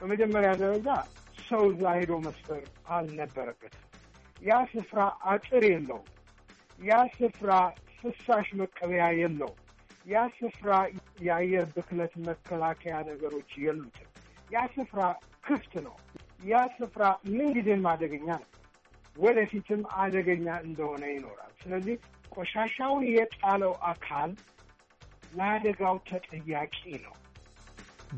በመጀመሪያ ደረጃ ሰው እዛ ሄዶ መስፈር አልነበረበትም። ያ ስፍራ አጥር የለው። ያ ስፍራ ፍሳሽ መቀበያ የለው። ያ ስፍራ የአየር ብክለት መከላከያ ነገሮች የሉትም። ያ ስፍራ ክፍት ነው። ያ ስፍራ ምንጊዜም አደገኛ ነው፣ ወደፊትም አደገኛ እንደሆነ ይኖራል። ስለዚህ ቆሻሻውን የጣለው አካል ለአደጋው ተጠያቂ ነው።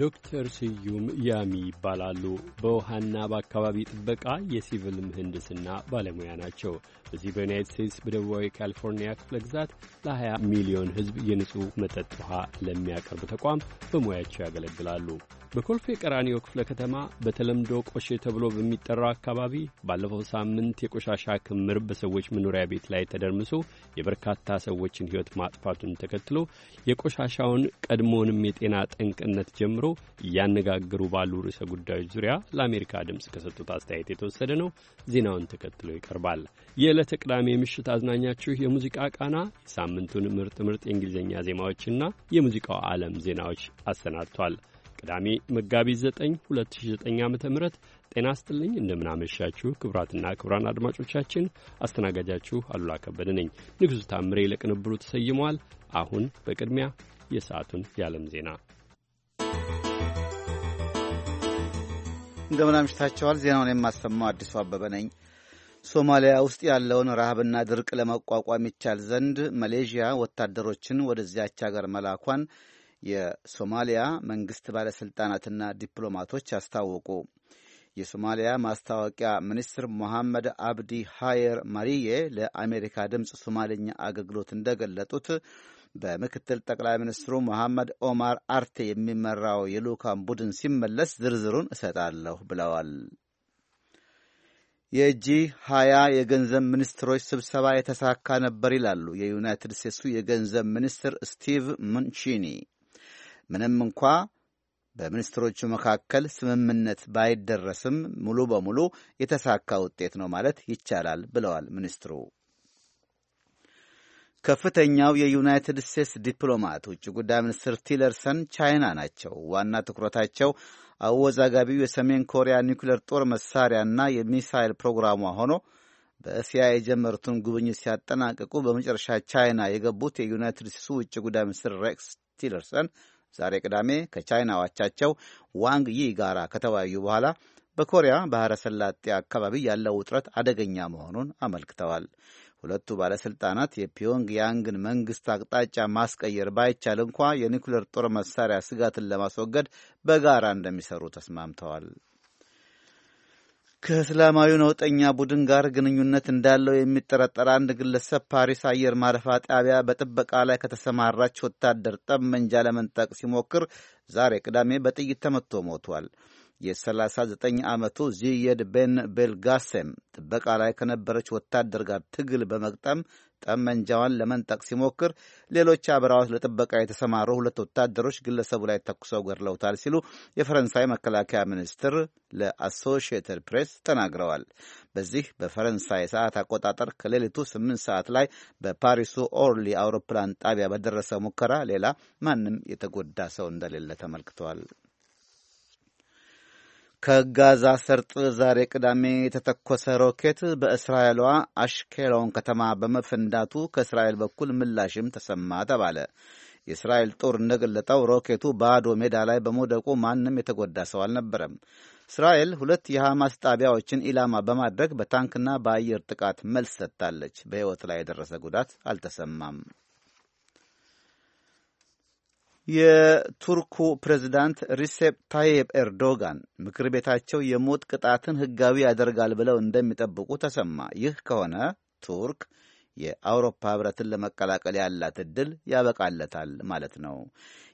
ዶክተር ስዩም ያሚ ይባላሉ። በውሃና በአካባቢ ጥበቃ የሲቪል ምህንድስና ባለሙያ ናቸው። በዚህ በዩናይት ስቴትስ በደቡባዊ ካሊፎርኒያ ክፍለ ግዛት ለ20 ሚሊዮን ሕዝብ የንጹሕ መጠጥ ውሃ ለሚያቀርብ ተቋም በሙያቸው ያገለግላሉ። በኮልፌ ቀራኒዮ ክፍለ ከተማ በተለምዶ ቆሼ ተብሎ በሚጠራው አካባቢ ባለፈው ሳምንት የቆሻሻ ክምር በሰዎች መኖሪያ ቤት ላይ ተደርምሶ የበርካታ ሰዎችን ሕይወት ማጥፋቱን ተከትሎ የቆሻሻውን ቀድሞውንም የጤና ጠንቅነት ጀምሮ እያነጋገሩ ባሉ ርዕሰ ጉዳዮች ዙሪያ ለአሜሪካ ድምፅ ከሰጡት አስተያየት የተወሰደ ነው። ዜናውን ተከትሎ ይቀርባል። የዕለተ ቅዳሜ ምሽት አዝናኛችሁ የሙዚቃ ቃና ሳምንቱን ምርጥ ምርጥ የእንግሊዝኛ ዜማዎችና የሙዚቃው ዓለም ዜናዎች አሰናድቷል። ቅዳሜ መጋቢት 9 2009 ዓ ም ጤና ስጥልኝ። እንደምናመሻችሁ ክቡራትና ክቡራን አድማጮቻችን አስተናጋጃችሁ አሉላ ከበደ ነኝ። ንጉሡ ታምሬ ለቅንብሩ ተሰይሟል። አሁን በቅድሚያ የሰዓቱን የዓለም ዜና እንደምናምሽታቸዋል። ዜናውን የማሰማው አዲሱ አበበ ነኝ። ሶማሊያ ውስጥ ያለውን ረሃብና ድርቅ ለመቋቋም ይቻል ዘንድ ማሌዥያ ወታደሮችን ወደዚያች ሀገር መላኳን የሶማሊያ መንግስት ባለሥልጣናትና ዲፕሎማቶች አስታወቁ። የሶማሊያ ማስታወቂያ ሚኒስትር ሞሐመድ አብዲ ሃየር ማሪዬ ለአሜሪካ ድምፅ ሶማልኛ አገልግሎት እንደገለጡት በምክትል ጠቅላይ ሚኒስትሩ መሐመድ ኦማር አርቴ የሚመራው የልዑካን ቡድን ሲመለስ ዝርዝሩን እሰጣለሁ ብለዋል። የጂ ሀያ የገንዘብ ሚኒስትሮች ስብሰባ የተሳካ ነበር ይላሉ የዩናይትድ ስቴትሱ የገንዘብ ሚኒስትር ስቲቭ ምንቺኒ። ምንም እንኳ በሚኒስትሮቹ መካከል ስምምነት ባይደረስም ሙሉ በሙሉ የተሳካ ውጤት ነው ማለት ይቻላል ብለዋል ሚኒስትሩ። ከፍተኛው የዩናይትድ ስቴትስ ዲፕሎማት ውጭ ጉዳይ ሚኒስትር ቲለርሰን ቻይና ናቸው። ዋና ትኩረታቸው አወዛጋቢው የሰሜን ኮሪያ ኒውክሌር ጦር መሳሪያና የሚሳይል ፕሮግራሟ ሆኖ በእስያ የጀመሩትን ጉብኝት ሲያጠናቅቁ በመጨረሻ ቻይና የገቡት የዩናይትድ ስቴትሱ ውጭ ጉዳይ ሚኒስትር ሬክስ ቲለርሰን ዛሬ ቅዳሜ ከቻይና ዋቻቸው ዋንግ ይ ጋራ ከተወያዩ በኋላ በኮሪያ ባህረ ሰላጤ አካባቢ ያለው ውጥረት አደገኛ መሆኑን አመልክተዋል። ሁለቱ ባለሥልጣናት ያንግን መንግሥት አቅጣጫ ማስቀየር ባይቻል እንኳ የኒኩሌር ጦር መሳሪያ ስጋትን ለማስወገድ በጋራ እንደሚሰሩ ተስማምተዋል። ከእስላማዊ ነውጠኛ ቡድን ጋር ግንኙነት እንዳለው የሚጠረጠር አንድ ግለሰብ ፓሪስ አየር ማረፊያ ጣቢያ በጥበቃ ላይ ከተሰማራች ወታደር ጠመንጃ ለመንጠቅ ሲሞክር ዛሬ ቅዳሜ በጥይት ተመትቶ ሞቷል። የ39 ዓመቱ ዚየድ ቤን ቤልጋሴም ጥበቃ ላይ ከነበረች ወታደር ጋር ትግል በመቅጠም ጠመንጃዋን ለመንጠቅ ሲሞክር ሌሎች አብረዋት ለጥበቃ የተሰማሩ ሁለት ወታደሮች ግለሰቡ ላይ ተኩሰው ገድለውታል ሲሉ የፈረንሳይ መከላከያ ሚኒስትር ለአሶሽየትድ ፕሬስ ተናግረዋል። በዚህ በፈረንሳይ ሰዓት አቆጣጠር ከሌሊቱ ስምንት ሰዓት ላይ በፓሪሱ ኦርሊ አውሮፕላን ጣቢያ በደረሰ ሙከራ ሌላ ማንም የተጎዳ ሰው እንደሌለ ተመልክተዋል። ከጋዛ ሰርጥ ዛሬ ቅዳሜ የተተኮሰ ሮኬት በእስራኤሏ አሽኬሎን ከተማ በመፈንዳቱ ከእስራኤል በኩል ምላሽም ተሰማ ተባለ። የእስራኤል ጦር እንደገለጠው ሮኬቱ ባዶ ሜዳ ላይ በመውደቁ ማንም የተጎዳ ሰው አልነበረም። እስራኤል ሁለት የሐማስ ጣቢያዎችን ኢላማ በማድረግ በታንክና በአየር ጥቃት መልስ ሰጥታለች። በሕይወት ላይ የደረሰ ጉዳት አልተሰማም። የቱርኩ ፕሬዝዳንት ሪሴፕ ታይብ ኤርዶጋን ምክር ቤታቸው የሞት ቅጣትን ሕጋዊ ያደርጋል ብለው እንደሚጠብቁ ተሰማ። ይህ ከሆነ ቱርክ የአውሮፓ ህብረትን ለመቀላቀል ያላት እድል ያበቃለታል ማለት ነው።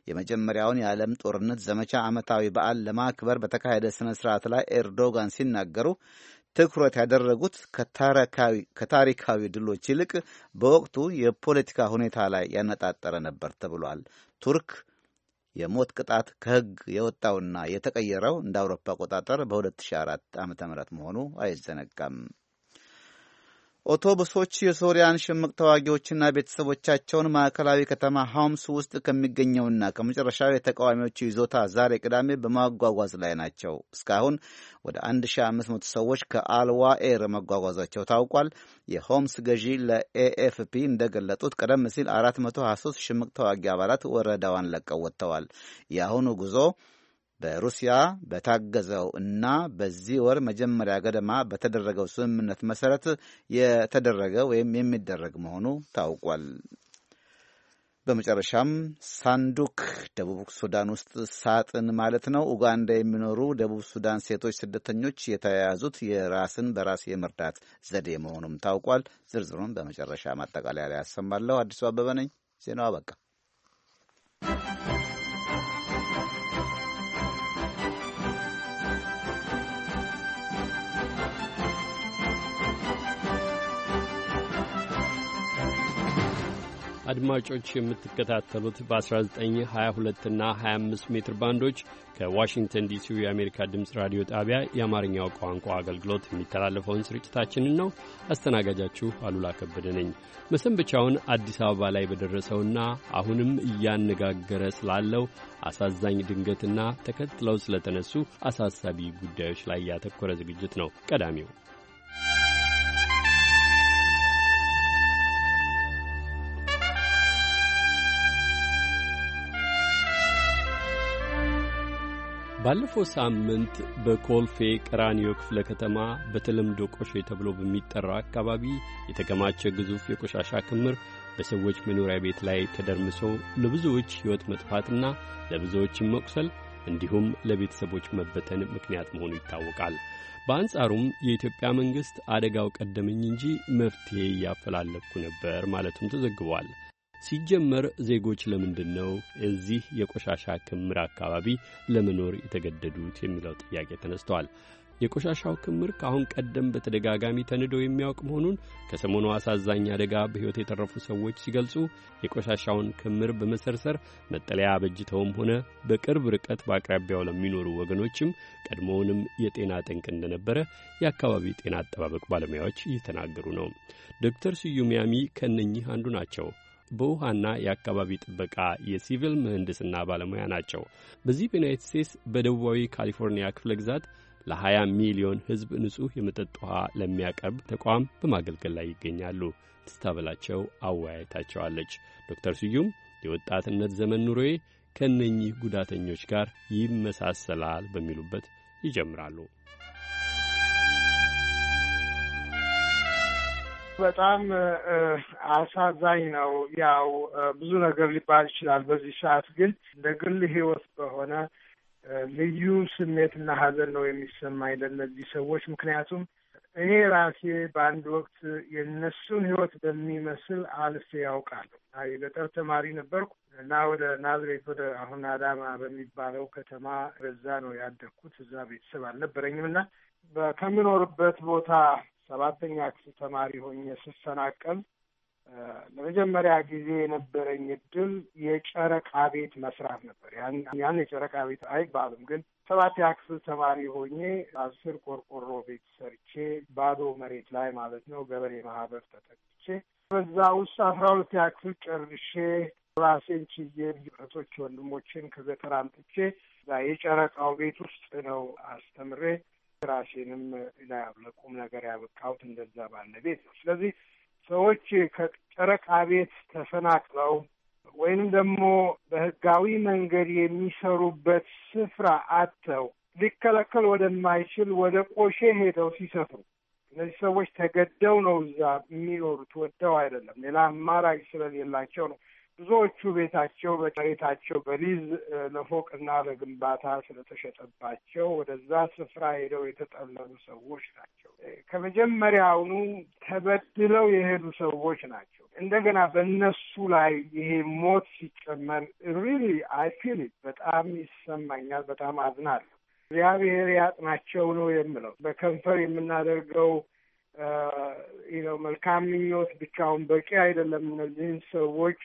የመጀመሪያውን የዓለም ጦርነት ዘመቻ ዓመታዊ በዓል ለማክበር በተካሄደ ሥነ ሥርዓት ላይ ኤርዶጋን ሲናገሩ ትኩረት ያደረጉት ከታሪካዊ ድሎች ይልቅ በወቅቱ የፖለቲካ ሁኔታ ላይ ያነጣጠረ ነበር ተብሏል። ቱርክ የሞት ቅጣት ከሕግ የወጣውና የተቀየረው እንደ አውሮፓ አቆጣጠር በ2004 ዓ.ም መሆኑ አይዘነጋም። ኦቶቡሶች የሶሪያን ሽምቅ ተዋጊዎችና ቤተሰቦቻቸውን ማዕከላዊ ከተማ ሐምስ ውስጥ ከሚገኘውና ከመጨረሻው የተቃዋሚዎቹ ይዞታ ዛሬ ቅዳሜ በማጓጓዝ ላይ ናቸው። እስካሁን ወደ 1500 ሰዎች ከአልዋኤር መጓጓዛቸው ታውቋል። የሆምስ ገዢ ለኤኤፍፒ እንደገለጡት ቀደም ሲል 423 ሽምቅ ተዋጊ አባላት ወረዳዋን ለቀው ወጥተዋል። የአሁኑ ጉዞ በሩሲያ በታገዘው እና በዚህ ወር መጀመሪያ ገደማ በተደረገው ስምምነት መሰረት የተደረገ ወይም የሚደረግ መሆኑ ታውቋል። በመጨረሻም ሳንዱክ ደቡብ ሱዳን ውስጥ ሳጥን ማለት ነው። ኡጋንዳ የሚኖሩ ደቡብ ሱዳን ሴቶች ስደተኞች የተያያዙት የራስን በራስ የመርዳት ዘዴ መሆኑም ታውቋል። ዝርዝሩን በመጨረሻ ማጠቃለያ ላይ ያሰማለሁ። አዲሱ አበበ ነኝ። ዜናው አበቃ። አድማጮች የምትከታተሉት በ1922ና 25 ሜትር ባንዶች ከዋሽንግተን ዲሲው የአሜሪካ ድምፅ ራዲዮ ጣቢያ የአማርኛው ቋንቋ አገልግሎት የሚተላለፈውን ስርጭታችንን ነው። አስተናጋጃችሁ አሉላ ከበደ ነኝ። መሰንበቻውን አዲስ አበባ ላይ በደረሰውና አሁንም እያነጋገረ ስላለው አሳዛኝ ድንገትና ተከትለው ስለተነሱ አሳሳቢ ጉዳዮች ላይ ያተኮረ ዝግጅት ነው ቀዳሚው። ባለፈው ሳምንት በኮልፌ ቀራኒዮ ክፍለ ከተማ በተለምዶ ቆሼ ተብሎ በሚጠራው አካባቢ የተከማቸ ግዙፍ የቆሻሻ ክምር በሰዎች መኖሪያ ቤት ላይ ተደርምሶ ለብዙዎች ሕይወት መጥፋትና ለብዙዎችም መቁሰል እንዲሁም ለቤተሰቦች መበተን ምክንያት መሆኑ ይታወቃል። በአንጻሩም የኢትዮጵያ መንግሥት አደጋው ቀደመኝ እንጂ መፍትሔ እያፈላለኩ ነበር ማለቱም ተዘግቧል። ሲጀመር ዜጎች ለምንድን ነው እዚህ የቆሻሻ ክምር አካባቢ ለመኖር የተገደዱት የሚለው ጥያቄ ተነስተዋል። የቆሻሻው ክምር ከአሁን ቀደም በተደጋጋሚ ተንዶ የሚያውቅ መሆኑን ከሰሞኑ አሳዛኝ አደጋ በሕይወት የተረፉ ሰዎች ሲገልጹ የቆሻሻውን ክምር በመሰርሰር መጠለያ አበጅተውም ሆነ በቅርብ ርቀት በአቅራቢያው ለሚኖሩ ወገኖችም ቀድሞውንም የጤና ጠንቅ እንደነበረ የአካባቢ ጤና አጠባበቅ ባለሙያዎች እየተናገሩ ነው። ዶክተር ስዩም ያሚ ከእነኚህ አንዱ ናቸው። በውሃና የአካባቢ ጥበቃ የሲቪል ምህንድስና ባለሙያ ናቸው። በዚህ በዩናይት ስቴትስ በደቡባዊ ካሊፎርኒያ ክፍለ ግዛት ለ20 ሚሊዮን ሕዝብ ንጹሕ የመጠጥ ውሃ ለሚያቀርብ ተቋም በማገልገል ላይ ይገኛሉ። ትስታበላቸው አወያይታቸዋለች። ዶክተር ስዩም የወጣትነት ዘመን ኑሮዬ ከእነኚህ ጉዳተኞች ጋር ይመሳሰላል በሚሉበት ይጀምራሉ። በጣም አሳዛኝ ነው። ያው ብዙ ነገር ሊባል ይችላል። በዚህ ሰዓት ግን እንደ ግል በሆነ ልዩ ስሜትና ሀዘን ነው የሚሰማኝ ለእነዚህ ሰዎች ምክንያቱም እኔ ራሴ በአንድ ወቅት የነሱን ህይወት በሚመስል አልፌ ያውቃለሁ። የገጠር ተማሪ ነበርኩ እና ወደ ናዝሬት ወደ አሁን አዳማ በሚባለው ከተማ በዛ ነው ያደግኩት። እዛ ቤተሰብ አልነበረኝም እና ከምኖርበት ቦታ ሰባተኛ ክፍል ተማሪ ሆኜ ስሰናቀል ለመጀመሪያ ጊዜ የነበረኝ እድል የጨረቃ ቤት መስራት ነበር። ያን የጨረቃ ቤት አይባልም፣ ግን ሰባተኛ ክፍል ተማሪ ሆኜ አስር ቆርቆሮ ቤት ሰርቼ ባዶ መሬት ላይ ማለት ነው ገበሬ ማህበር ተጠቅቼ በዛ ውስጥ አስራ ሁለተኛ ክፍል ጨርሼ ራሴን ችዬ እህቶች ወንድሞችን ከገጠር አምጥቼ የጨረቃው ቤት ውስጥ ነው አስተምሬ ራሴንም ለቁም ነገር ያበቃሁት እንደዛ ባለ ቤት ነው። ስለዚህ ሰዎች ከጨረቃ ቤት ተፈናቅለው ወይንም ደግሞ በህጋዊ መንገድ የሚሰሩበት ስፍራ አጥተው ሊከለከል ወደማይችል ወደ ቆሼ ሄደው ሲሰፍሩ እነዚህ ሰዎች ተገደው ነው እዛ የሚኖሩት፣ ወደው አይደለም። ሌላ አማራጭ ስለሌላቸው ነው። ብዙዎቹ ቤታቸው በመሬታቸው በሊዝ ለፎቅና ለግንባታ ስለተሸጠባቸው ወደዛ ስፍራ ሄደው የተጠለሉ ሰዎች ናቸው። ከመጀመሪያውኑ ተበድለው የሄዱ ሰዎች ናቸው። እንደገና በእነሱ ላይ ይሄ ሞት ሲጨመር ሪሊ አይ ፊል በጣም ይሰማኛል። በጣም አዝናለሁ። እግዚአብሔር ያጥናቸው ነው የምለው። በከንፈር የምናደርገው ነው መልካም ምኞት ብቻውን በቂ አይደለም። እነዚህን ሰዎች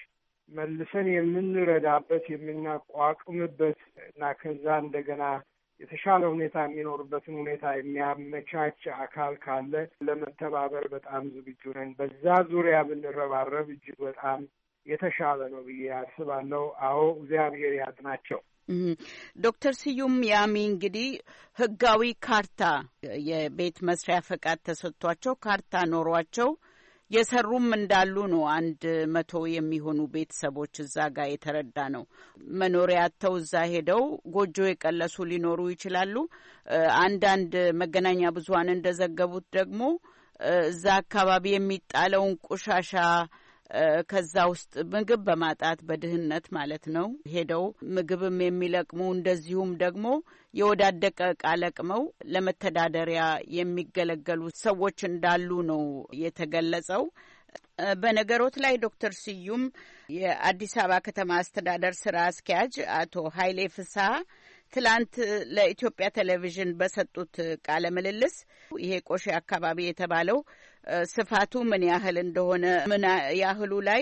መልሰን የምንረዳበት የምናቋቁምበት እና ከዛ እንደገና የተሻለ ሁኔታ የሚኖርበትን ሁኔታ የሚያመቻች አካል ካለ ለመተባበር በጣም ዝግጁ ነን። በዛ ዙሪያ ብንረባረብ እጅግ በጣም የተሻለ ነው ብዬ አስባለሁ። አዎ እግዚአብሔር ያጥናቸው። ዶክተር ስዩም ያሚ እንግዲህ ህጋዊ ካርታ የቤት መስሪያ ፈቃድ ተሰጥቷቸው ካርታ ኖሯቸው የሰሩም እንዳሉ ነው። አንድ መቶ የሚሆኑ ቤተሰቦች እዛ ጋር የተረዳ ነው። መኖሪያ አጥተው እዛ ሄደው ጎጆ የቀለሱ ሊኖሩ ይችላሉ። አንዳንድ መገናኛ ብዙኃን እንደዘገቡት ደግሞ እዛ አካባቢ የሚጣለውን ቆሻሻ ከዛ ውስጥ ምግብ በማጣት በድህነት ማለት ነው ሄደው ምግብም የሚለቅሙ እንደዚሁም ደግሞ የወዳደቀ ቃ ለቅመው ለመተዳደሪያ የሚገለገሉ ሰዎች እንዳሉ ነው የተገለጸው። በነገሮት ላይ ዶክተር ስዩም የአዲስ አበባ ከተማ አስተዳደር ስራ አስኪያጅ አቶ ኃይሌ ፍስሐ ትላንት ለኢትዮጵያ ቴሌቪዥን በሰጡት ቃለ ምልልስ ይሄ ቆሼ አካባቢ የተባለው ስፋቱ ምን ያህል እንደሆነ፣ ምን ያህሉ ላይ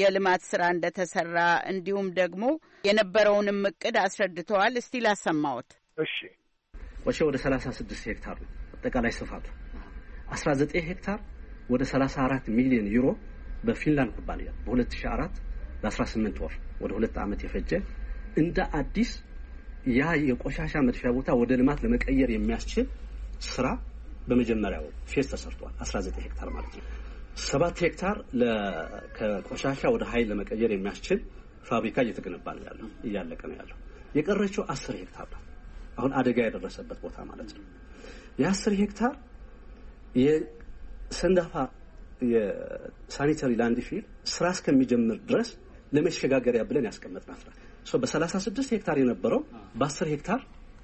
የልማት ስራ እንደተሰራ እንዲሁም ደግሞ የነበረውንም እቅድ አስረድተዋል። እስቲ ላሰማዎት። እሺ። ወሸ ወደ ሰላሳ ስድስት ሄክታር ነው አጠቃላይ ስፋቱ። አስራ ዘጠኝ ሄክታር ወደ ሰላሳ አራት ሚሊዮን ዩሮ በፊንላንድ ኩባንያ በሁለት ሺ አራት ለአስራ ስምንት ወር ወደ ሁለት ዓመት የፈጀ እንደ አዲስ ያ የቆሻሻ መድፊያ ቦታ ወደ ልማት ለመቀየር የሚያስችል ስራ በመጀመሪያው ፌስ ተሰርቷል። 19 ሄክታር ማለት ነው። ሰባት ሄክታር ከቆሻሻ ወደ ኃይል ለመቀየር የሚያስችል ፋብሪካ እየተገነባ ነው ያለው፣ እያለቀ ነው ያለው። የቀረችው አስር ሄክታር ነው አሁን አደጋ የደረሰበት ቦታ ማለት ነው። የአስር ሄክታር የሰንዳፋ የሳኒተሪ ላንድ ፊል ስራ እስከሚጀምር ድረስ ለመሸጋገሪያ ብለን ያስቀመጥናት ናት። በ36 ሄክታር የነበረው በ10 ሄክታር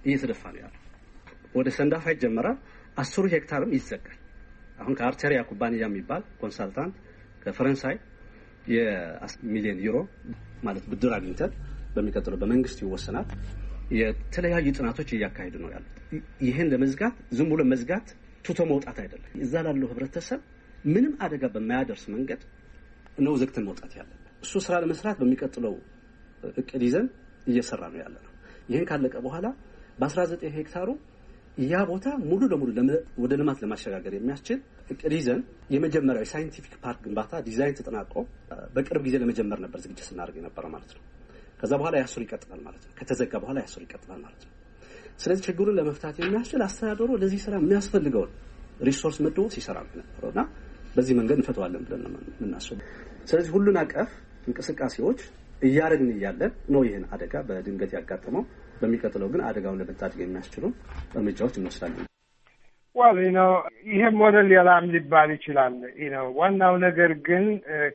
እየተደፋ ነው ያለው። ወደ ሰንዳፋ ይጀመራል። አስሩ ሄክታርም ይዘጋል። አሁን ከአርቴሪያ ኩባንያ የሚባል ኮንሳልታንት ከፈረንሳይ የሚሊዮን ዩሮ ማለት ብድር አግኝተን በሚቀጥለው በመንግስት ይወሰናል። የተለያዩ ጥናቶች እያካሄዱ ነው ያሉት። ይህን ለመዝጋት ዝም ብሎ መዝጋት ቱቶ መውጣት አይደለም። እዛ ላለው ህብረተሰብ ምንም አደጋ በማያደርስ መንገድ ነው ዘግተን መውጣት ያለን። እሱ ስራ ለመስራት በሚቀጥለው እቅድ ይዘን እየሰራ ነው ያለ ነው። ይህን ካለቀ በኋላ በ19 ሄክታሩ ያ ቦታ ሙሉ ለሙሉ ወደ ልማት ለማሸጋገር የሚያስችል እቅድ ይዘን የመጀመሪያው የሳይንቲፊክ ፓርክ ግንባታ ዲዛይን ተጠናቆ በቅርብ ጊዜ ለመጀመር ነበር ዝግጅት ስናደርግ የነበረ ማለት ነው። ከዛ በኋላ ያሱር ይቀጥላል ማለት ነው። ከተዘጋ በኋላ ያሱር ይቀጥላል ማለት ነው። ስለዚህ ችግሩን ለመፍታት የሚያስችል አስተዳደሩ ለዚህ ስራ የሚያስፈልገውን ሪሶርስ መድቦ ሲሰራ ነበረው እና በዚህ መንገድ እንፈተዋለን ብለን የምናስበው። ስለዚህ ሁሉን አቀፍ እንቅስቃሴዎች እያደረግን እያለን ነው ይህን አደጋ በድንገት ያጋጠመው። በሚቀጥለው ግን አደጋውን ለመታደግ የሚያስችሉ እርምጃዎች እንወስዳለን። ነው ይሄም ወደ ሌላም ሊባል ይችላል ነው። ዋናው ነገር ግን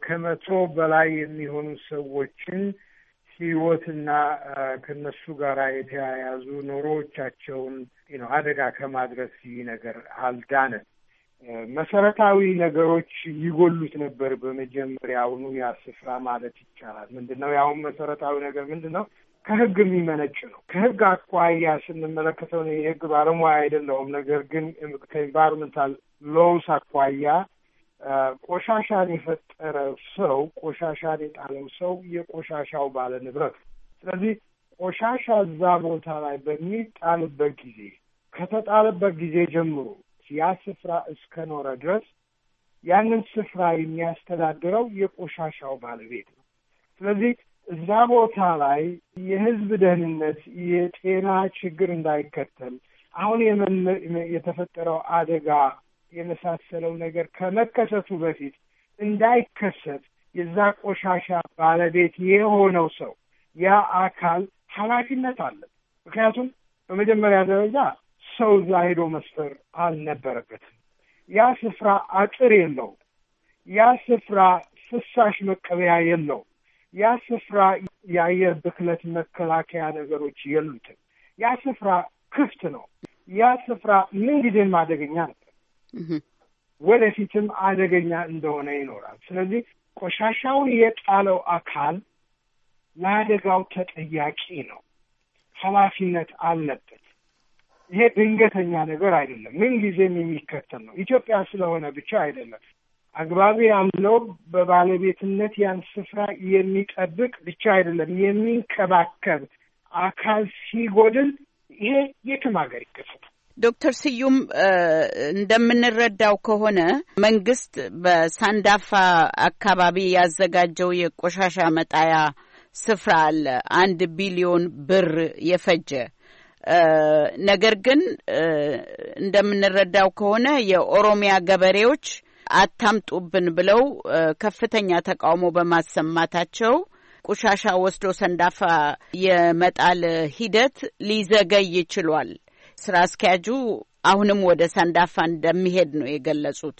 ከመቶ በላይ የሚሆኑ ሰዎችን ህይወትና ከነሱ ጋር የተያያዙ ኑሮዎቻቸውን ነው አደጋ ከማድረስ ይህ ነገር አልዳነም። መሰረታዊ ነገሮች ይጎሉት ነበር በመጀመሪያውኑ ያ ስፍራ ማለት ይቻላል። ምንድን ነው ያሁን መሰረታዊ ነገር ምንድን ነው? ከህግ የሚመነጭ ነው። ከህግ አኳያ ስንመለከተው የህግ ባለሙያ አይደለሁም። ነገር ግን ከኤንቫይሮንመንታል ሎውስ አኳያ ቆሻሻን የፈጠረ ሰው ቆሻሻን የጣለው ሰው የቆሻሻው ባለ ንብረት ነው። ስለዚህ ቆሻሻ እዛ ቦታ ላይ በሚጣልበት ጊዜ ከተጣለበት ጊዜ ጀምሮ ያ ስፍራ እስከኖረ ድረስ ያንን ስፍራ የሚያስተዳድረው የቆሻሻው ባለቤት ነው። ስለዚህ እዛ ቦታ ላይ የህዝብ ደህንነት የጤና ችግር እንዳይከተል አሁን የተፈጠረው አደጋ የመሳሰለው ነገር ከመከሰቱ በፊት እንዳይከሰት የዛ ቆሻሻ ባለቤት የሆነው ሰው ያ አካል ኃላፊነት አለ። ምክንያቱም በመጀመሪያ ደረጃ ሰው እዛ ሄዶ መስፈር አልነበረበትም። ያ ስፍራ አጥር የለውም። ያ ስፍራ ፍሳሽ መቀበያ የለውም። ያ ስፍራ የአየር ብክለት መከላከያ ነገሮች የሉትም። ያ ስፍራ ክፍት ነው። ያ ስፍራ ምንጊዜም አደገኛ ነበር፣ ወደፊትም አደገኛ እንደሆነ ይኖራል። ስለዚህ ቆሻሻውን የጣለው አካል ለአደጋው ተጠያቂ ነው፣ ኃላፊነት አለበት። ይሄ ድንገተኛ ነገር አይደለም፣ ምንጊዜም የሚከተል ነው። ኢትዮጵያ ስለሆነ ብቻ አይደለም። አግባቢ አምለው በባለቤትነት ያን ስፍራ የሚጠብቅ ብቻ አይደለም የሚንከባከብ አካል ሲጎድል ይሄ የትም ሀገር ይከሰታል። ዶክተር ስዩም እንደምንረዳው ከሆነ መንግስት በሳንዳፋ አካባቢ ያዘጋጀው የቆሻሻ መጣያ ስፍራ አለ፣ አንድ ቢሊዮን ብር የፈጀ ነገር ግን እንደምንረዳው ከሆነ የኦሮሚያ ገበሬዎች አታምጡብን ብለው ከፍተኛ ተቃውሞ በማሰማታቸው ቆሻሻ ወስዶ ሰንዳፋ የመጣል ሂደት ሊዘገይ ይችሏል። ስራ አስኪያጁ አሁንም ወደ ሰንዳፋ እንደሚሄድ ነው የገለጹት።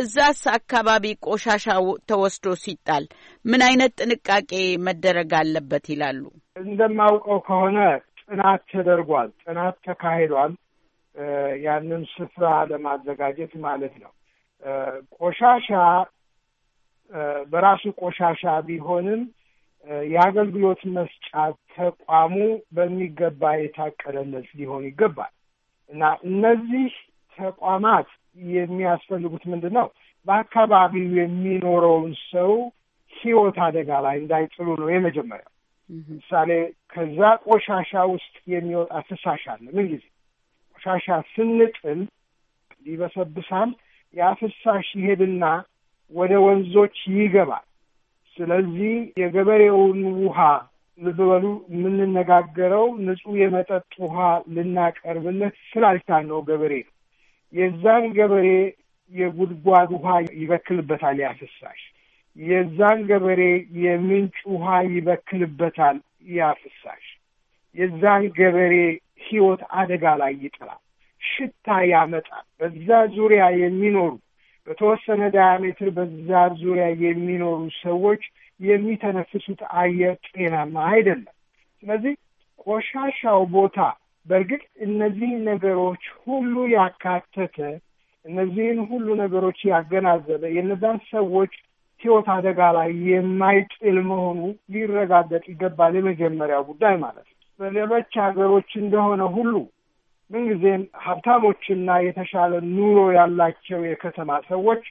እዛስ አካባቢ ቆሻሻ ተወስዶ ሲጣል ምን አይነት ጥንቃቄ መደረግ አለበት ይላሉ? እንደማውቀው ከሆነ ጥናት ተደርጓል፣ ጥናት ተካሂዷል። ያንን ስፍራ ለማዘጋጀት ማለት ነው። ቆሻሻ በራሱ ቆሻሻ ቢሆንም የአገልግሎት መስጫ ተቋሙ በሚገባ የታቀደለት ሊሆን ይገባል እና እነዚህ ተቋማት የሚያስፈልጉት ምንድን ነው? በአካባቢው የሚኖረውን ሰው ሕይወት አደጋ ላይ እንዳይጥሉ ነው የመጀመሪያው። ምሳሌ ከዛ ቆሻሻ ውስጥ የሚወጣ ፍሳሽ አለ። ምንጊዜ ቆሻሻ ስንጥል ሊበሰብሳም ያፍሳሽ ይሄድና ወደ ወንዞች ይገባል። ስለዚህ የገበሬውን ውሃ ልበሉ የምንነጋገረው ንጹህ የመጠጥ ውሃ ልናቀርብለት ስላልቻል ነው። ገበሬ ነው የዛን ገበሬ የጉድጓድ ውሃ ይበክልበታል። ያ ፍሳሽ የዛን ገበሬ የምንጭ ውሃ ይበክልበታል። ያ ፍሳሽ የዛን ገበሬ ህይወት አደጋ ላይ ይጥላል። ሽታ ያመጣል። በዛ ዙሪያ የሚኖሩ በተወሰነ ዳያሜትር በዛ ዙሪያ የሚኖሩ ሰዎች የሚተነፍሱት አየር ጤናማ አይደለም። ስለዚህ ቆሻሻው ቦታ በእርግጥ እነዚህ ነገሮች ሁሉ ያካተተ እነዚህን ሁሉ ነገሮች ያገናዘበ የነዛን ሰዎች ሕይወት አደጋ ላይ የማይጥል መሆኑ ሊረጋገጥ ይገባል። የመጀመሪያው ጉዳይ ማለት ነው። በሌሎች ሀገሮች እንደሆነ ሁሉ ምንጊዜም ሀብታሞችና የተሻለ ኑሮ ያላቸው የከተማ ሰዎች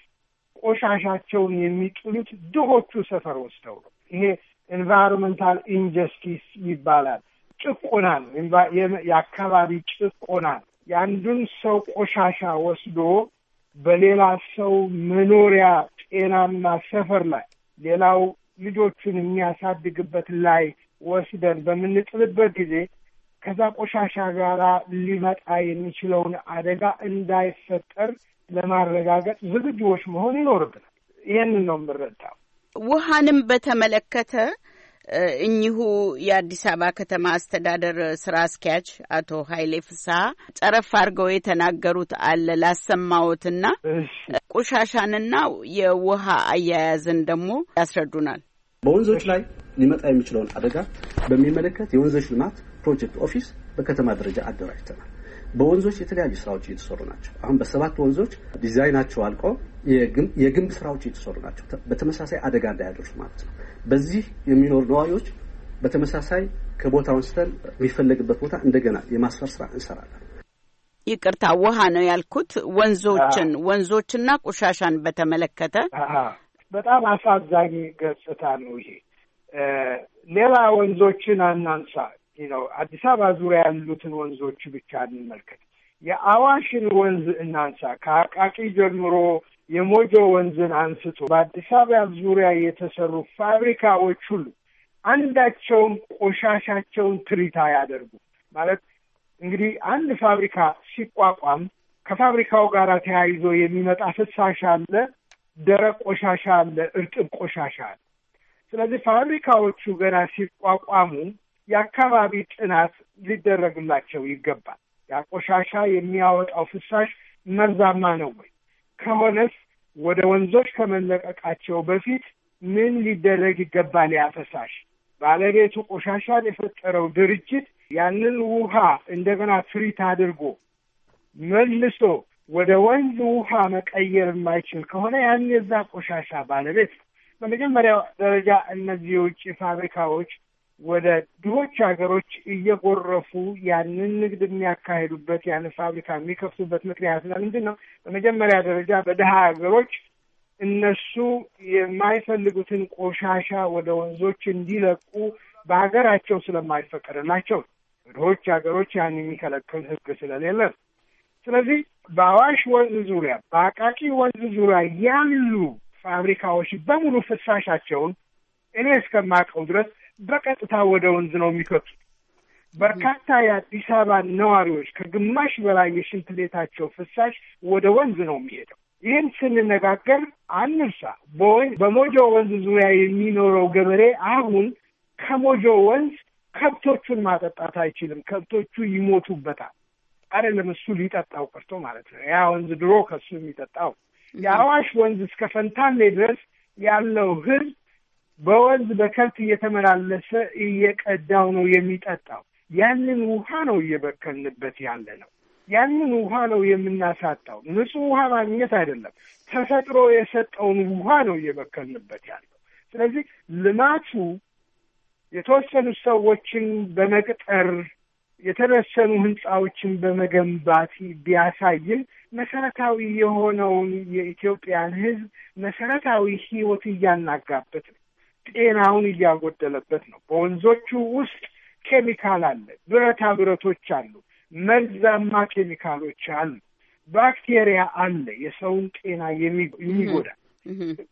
ቆሻሻቸውን የሚጥሉት ድሆቹ ሰፈር ወስደው ነው። ይሄ ኤንቫይሮንመንታል ኢንጀስቲስ ይባላል። ጭቆና ነው። የአካባቢ ጭቆና ነው። የአንዱን ሰው ቆሻሻ ወስዶ በሌላ ሰው መኖሪያ ጤናና ሰፈር ላይ ሌላው ልጆቹን የሚያሳድግበት ላይ ወስደን በምንጥልበት ጊዜ ከዛ ቆሻሻ ጋር ሊመጣ የሚችለውን አደጋ እንዳይፈጠር ለማረጋገጥ ዝግጅዎች መሆን ይኖርብናል። ይህንን ነው የምንረዳው። ውሃንም በተመለከተ እኚሁ የአዲስ አበባ ከተማ አስተዳደር ስራ አስኪያጅ አቶ ኃይሌ ፍስሐ ጨረፍ አድርገው የተናገሩት አለ ላሰማዎትና ቆሻሻንና የውሃ አያያዝን ደግሞ ያስረዱናል። በወንዞች ላይ ሊመጣ የሚችለውን አደጋ በሚመለከት የወንዞች ልማት ፕሮጀክት ኦፊስ በከተማ ደረጃ አደራጅተናል። በወንዞች የተለያዩ ስራዎች እየተሰሩ ናቸው። አሁን በሰባት ወንዞች ዲዛይናቸው አልቆ የግንብ ስራዎች እየተሰሩ ናቸው። በተመሳሳይ አደጋ እንዳያደርሱ ማለት ነው። በዚህ የሚኖሩ ነዋሪዎች በተመሳሳይ ከቦታ አንስተን የሚፈለግበት ቦታ እንደገና የማስፈር ስራ እንሰራለን። ይቅርታ ውሃ ነው ያልኩት። ወንዞችን ወንዞችና ቆሻሻን በተመለከተ በጣም አሳዛኝ ገጽታ ነው ይሄ። ሌላ ወንዞችን አናንሳ ነው። አዲስ አበባ ዙሪያ ያሉትን ወንዞች ብቻ እንመልከት። የአዋሽን ወንዝ እናንሳ። ከአቃቂ ጀምሮ የሞጆ ወንዝን አንስቶ በአዲስ አበባ ዙሪያ የተሰሩ ፋብሪካዎች ሁሉ አንዳቸውም ቆሻሻቸውን ትሪታ ያደርጉ ማለት እንግዲህ አንድ ፋብሪካ ሲቋቋም ከፋብሪካው ጋር ተያይዞ የሚመጣ ፍሳሽ አለ፣ ደረቅ ቆሻሻ አለ፣ እርጥብ ቆሻሻ አለ። ስለዚህ ፋብሪካዎቹ ገና ሲቋቋሙ የአካባቢ ጥናት ሊደረግላቸው ይገባል። ያ ቆሻሻ የሚያወጣው ፍሳሽ መርዛማ ነው ወይ? ከሆነስ ወደ ወንዞች ከመለቀቃቸው በፊት ምን ሊደረግ ይገባል? ያፈሳሽ ባለቤቱ ቆሻሻን የፈጠረው ድርጅት ያንን ውሃ እንደገና ትሪት አድርጎ መልሶ ወደ ወንዝ ውሃ መቀየር የማይችል ከሆነ ያን የዛ ቆሻሻ ባለቤት በመጀመሪያ ደረጃ እነዚህ የውጭ ፋብሪካዎች ወደ ድሆች ሀገሮች እየጎረፉ ያንን ንግድ የሚያካሂዱበት ያንን ፋብሪካ የሚከፍቱበት ምክንያት ምንድን ነው? በመጀመሪያ ደረጃ በድሀ ሀገሮች እነሱ የማይፈልጉትን ቆሻሻ ወደ ወንዞች እንዲለቁ በሀገራቸው ስለማይፈቀድላቸው በድሆች ሀገሮች ያን የሚከለክል ህግ ስለሌለ ስለዚህ በአዋሽ ወንዝ ዙሪያ በአቃቂ ወንዝ ዙሪያ ያሉ ፋብሪካዎች በሙሉ ፍሳሻቸውን እኔ እስከማውቀው ድረስ በቀጥታ ወደ ወንዝ ነው የሚከቱት። በርካታ የአዲስ አበባ ነዋሪዎች ከግማሽ በላይ የሽንት ቤታቸው ፍሳሽ ወደ ወንዝ ነው የሚሄደው። ይህን ስንነጋገር አንርሳ፣ በሞጆ ወንዝ ዙሪያ የሚኖረው ገበሬ አሁን ከሞጆ ወንዝ ከብቶቹን ማጠጣት አይችልም። ከብቶቹ ይሞቱበታል። አይደለም እሱ ሊጠጣው ቀርቶ ማለት ነው። ያ ወንዝ ድሮ ከሱ የሚጠጣው የአዋሽ ወንዝ እስከ ፈንታሌ ድረስ ያለው ህዝብ በወንዝ በከብት እየተመላለሰ እየቀዳው ነው የሚጠጣው። ያንን ውሃ ነው እየበከልንበት ያለ ነው። ያንን ውሃ ነው የምናሳጣው። ንጹህ ውሃ ማግኘት አይደለም፣ ተፈጥሮ የሰጠውን ውሃ ነው እየበከልንበት ያለው። ስለዚህ ልማቱ የተወሰኑ ሰዎችን በመቅጠር የተረሰኑ ህንፃዎችን በመገንባት ቢያሳይም መሰረታዊ የሆነውን የኢትዮጵያን ህዝብ መሰረታዊ ህይወት እያናጋበት ነው። ጤናውን እያጎደለበት ነው። በወንዞቹ ውስጥ ኬሚካል አለ፣ ብረታ ብረቶች አሉ፣ መርዛማ ኬሚካሎች አሉ፣ ባክቴሪያ አለ የሰውን ጤና የሚጎዳ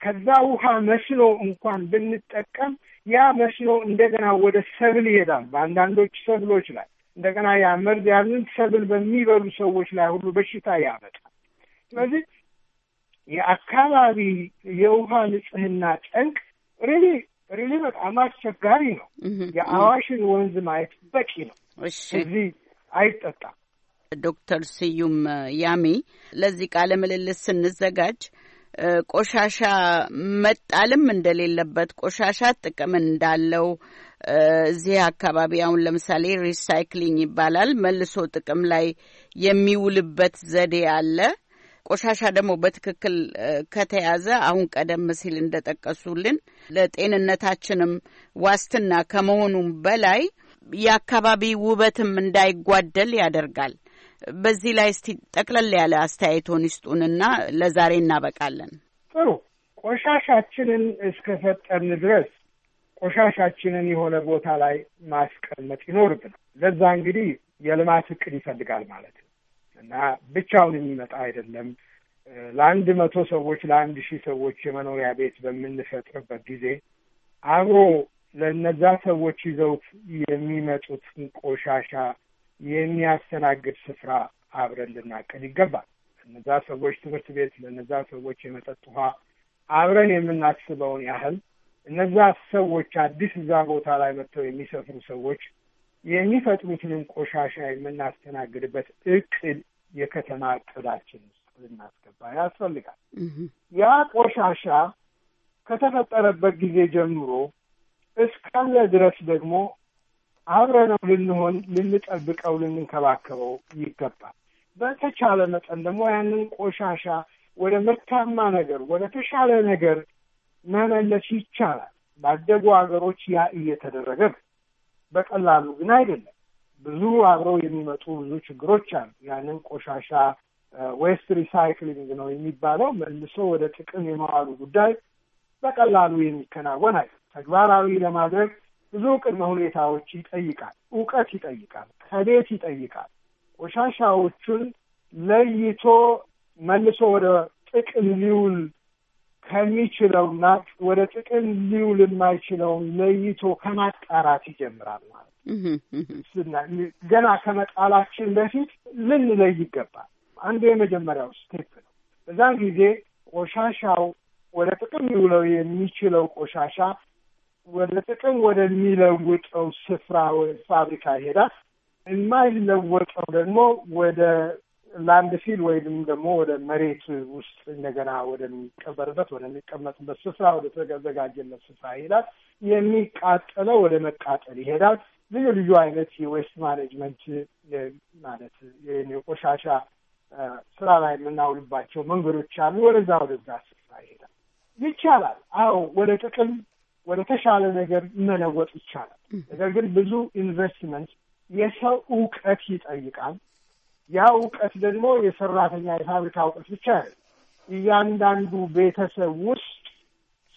ከዛ ውሃ መስኖ እንኳን ብንጠቀም ያ መስኖ እንደገና ወደ ሰብል ይሄዳል። በአንዳንዶች ሰብሎች ላይ እንደገና ያ መርዝ ያንን ሰብል በሚበሉ ሰዎች ላይ ሁሉ በሽታ ያመጣል። ስለዚህ የአካባቢ የውሃ ንጽህና ጠንቅ ሪሊ ሪሊ በጣም አስቸጋሪ ነው። የአዋሽን ወንዝ ማየት በቂ ነው። እዚህ አይጠጣም። ዶክተር ስዩም ያሚ ለዚህ ቃለ ምልልስ ስንዘጋጅ ቆሻሻ መጣልም እንደሌለበት ቆሻሻ ጥቅም እንዳለው እዚህ አካባቢ አሁን ለምሳሌ ሪሳይክሊንግ ይባላል መልሶ ጥቅም ላይ የሚውልበት ዘዴ አለ። ቆሻሻ ደግሞ በትክክል ከተያዘ አሁን ቀደም ሲል እንደጠቀሱልን ለጤንነታችንም ዋስትና ከመሆኑም በላይ የአካባቢ ውበትም እንዳይጓደል ያደርጋል። በዚህ ላይ እስቲ ጠቅለል ያለ አስተያየቶን ይስጡንና ለዛሬ እናበቃለን። ጥሩ ቆሻሻችንን እስከሰጠን ድረስ ቆሻሻችንን የሆነ ቦታ ላይ ማስቀመጥ ይኖርብናል። ለዛ እንግዲህ የልማት እቅድ ይፈልጋል ማለት ነው። እና ብቻውን የሚመጣ አይደለም። ለአንድ መቶ ሰዎች ለአንድ ሺህ ሰዎች የመኖሪያ ቤት በምንፈጥርበት ጊዜ አብሮ ለነዛ ሰዎች ይዘውት የሚመጡትን ቆሻሻ የሚያስተናግድ ስፍራ አብረን ልናቅድ ይገባል። ለነዛ ሰዎች ትምህርት ቤት፣ ለነዛ ሰዎች የመጠጥ ውሃ አብረን የምናስበውን ያህል እነዛ ሰዎች አዲስ እዛ ቦታ ላይ መጥተው የሚሰፍሩ ሰዎች የሚፈጥሩትንም ቆሻሻ የምናስተናግድበት እቅድ የከተማ እቅዳችን ውስጥ ልናስገባ ያስፈልጋል። ያ ቆሻሻ ከተፈጠረበት ጊዜ ጀምሮ እስካለ ድረስ ደግሞ አብረነው ልንሆን፣ ልንጠብቀው፣ ልንንከባከበው ይገባል። በተቻለ መጠን ደግሞ ያንን ቆሻሻ ወደ ምርታማ ነገር፣ ወደ ተሻለ ነገር መመለስ ይቻላል። ባደጉ ሀገሮች ያ እየተደረገ ነው። በቀላሉ ግን አይደለም። ብዙ አብረው የሚመጡ ብዙ ችግሮች አሉ። ያንን ቆሻሻ ዌስት ሪሳይክሊንግ ነው የሚባለው መልሶ ወደ ጥቅም የመዋሉ ጉዳይ በቀላሉ የሚከናወን አይ ተግባራዊ ለማድረግ ብዙ ቅድመ ሁኔታዎች ይጠይቃል። እውቀት ይጠይቃል። ከቤት ይጠይቃል። ቆሻሻዎቹን ለይቶ መልሶ ወደ ጥቅም ሊውል ከሚችለውና ወደ ጥቅም ሊውል የማይችለውን ለይቶ ከማጣራት ይጀምራል ማለት ነው። ገና ከመጣላችን በፊት ልንለይ ይገባል። አንዱ የመጀመሪያው ስቴፕ ነው። በዛን ጊዜ ቆሻሻው ወደ ጥቅም ሊውለው የሚችለው ቆሻሻ ወደ ጥቅም ወደሚለውጠው ስፍራ ፋብሪካ ይሄዳል። የማይለወጠው ደግሞ ወደ ላንድ ፊል ወይም ደግሞ ወደ መሬት ውስጥ እንደገና ወደሚቀበርበት ወደሚቀመጥበት ስፍራ ወደ ተዘጋጀለት ስፍራ ይሄዳል። የሚቃጠለው ወደ መቃጠል ይሄዳል። ልዩ ልዩ አይነት የዌስት ማኔጅመንት ማለት የቆሻሻ ስራ ላይ የምናውልባቸው መንገዶች አሉ። ወደዛ ወደዛ ስፍራ ይሄዳል። ይቻላል። አዎ፣ ወደ ጥቅም ወደ ተሻለ ነገር መለወጥ ይቻላል። ነገር ግን ብዙ ኢንቨስትመንት የሰው እውቀት ይጠይቃል። ያ እውቀት ደግሞ የሰራተኛ የፋብሪካ እውቀት ብቻ አይደለም። እያንዳንዱ ቤተሰብ ውስጥ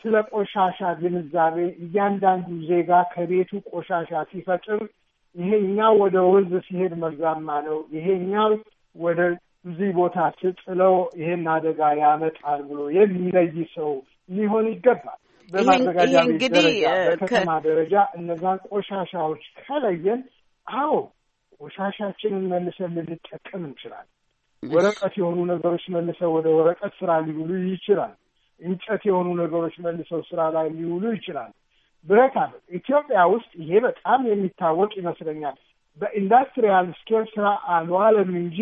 ስለ ቆሻሻ ግንዛቤ እያንዳንዱ ዜጋ ከቤቱ ቆሻሻ ሲፈጥር ይሄኛው ወደ ወንዝ ሲሄድ መርዛማ ነው፣ ይሄኛው ወደ እዚህ ቦታ ስጥለው ይሄን አደጋ ያመጣል ብሎ የሚለይ ሰው ሊሆን ይገባል። በማዘጋጃ ቤት ደረጃ በከተማ ደረጃ እነዛን ቆሻሻዎች ከለየን፣ አዎ ቆሻሻችንን መልሰን ልንጠቀም እንችላለን። ወረቀት የሆኑ ነገሮች መልሰው ወደ ወረቀት ስራ ሊውሉ ይችላል። እንጨት የሆኑ ነገሮች መልሰው ስራ ላይ ሊውሉ ይችላል። ብረት አለ። ኢትዮጵያ ውስጥ ይሄ በጣም የሚታወቅ ይመስለኛል። በኢንዱስትሪያል ስኬል ስራ አልዋለም እንጂ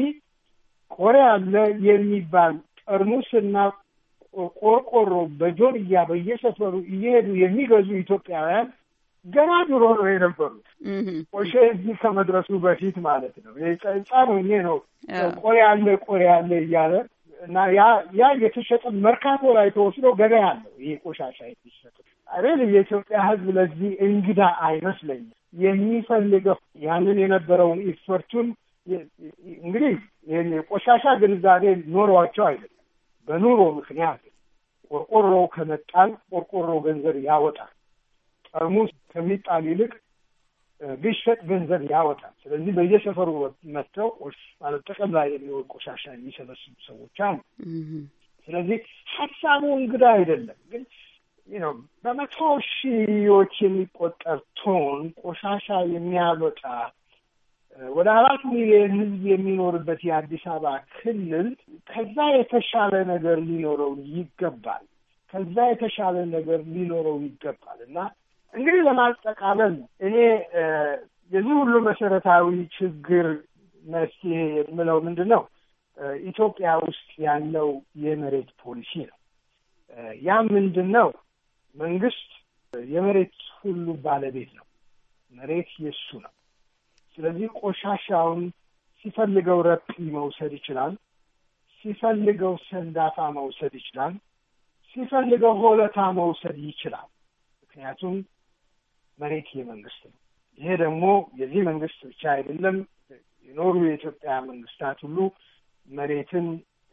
ቆሬ አለ የሚባል ጠርሙስና ቆርቆሮ በጆርያ በየሰፈሩ እየሄዱ የሚገዙ ኢትዮጵያውያን ገና ድሮ ነው የነበሩት። ቆሼ እዚህ ከመድረሱ በፊት ማለት ነው። ህጻን ሆኜ ነው ቆሬ አለ ቆሬ አለ እያለ እና ያ ያ የተሸጠ መርካቶ ላይ ተወስዶ ገበያ አለው። ይሄ ቆሻሻ የተሸጠ አይደል? የኢትዮጵያ ሕዝብ ለዚህ እንግዳ አይመስለኝም። የሚፈልገው ያንን የነበረውን ኢስፈርቱን እንግዲህ የቆሻሻ ግንዛቤ ኖሯቸው አይደለም፣ በኑሮ ምክንያት ቆርቆሮ ከመጣል ቆርቆሮ ገንዘብ ያወጣል ጠርሙስ ከሚጣል ይልቅ ቢሸጥ ገንዘብ ያወጣል። ስለዚህ በየሰፈሩ መጥተው ማለት ጥቅም ላይ የሚውል ቆሻሻ የሚሰበስቡ ሰዎች አሉ። ስለዚህ ሀሳቡ እንግዳ አይደለም፣ ግን ነው በመቶ ሺዎች የሚቆጠር ቶን ቆሻሻ የሚያወጣ ወደ አራት ሚሊዮን ሕዝብ የሚኖርበት የአዲስ አበባ ክልል ከዛ የተሻለ ነገር ሊኖረው ይገባል። ከዛ የተሻለ ነገር ሊኖረው ይገባል እና እንግዲህ ለማጠቃለል እኔ የዚህ ሁሉ መሰረታዊ ችግር መፍትሄ የምለው ምንድን ነው ኢትዮጵያ ውስጥ ያለው የመሬት ፖሊሲ ነው። ያ ምንድን ነው? መንግስት የመሬት ሁሉ ባለቤት ነው። መሬት የሱ ነው። ስለዚህ ቆሻሻውን ሲፈልገው ረጲ መውሰድ ይችላል። ሲፈልገው ሰንዳፋ መውሰድ ይችላል። ሲፈልገው ሆለታ መውሰድ ይችላል። ምክንያቱም መሬት የመንግስት ነው። ይሄ ደግሞ የዚህ መንግስት ብቻ አይደለም። የኖሩ የኢትዮጵያ መንግስታት ሁሉ መሬትን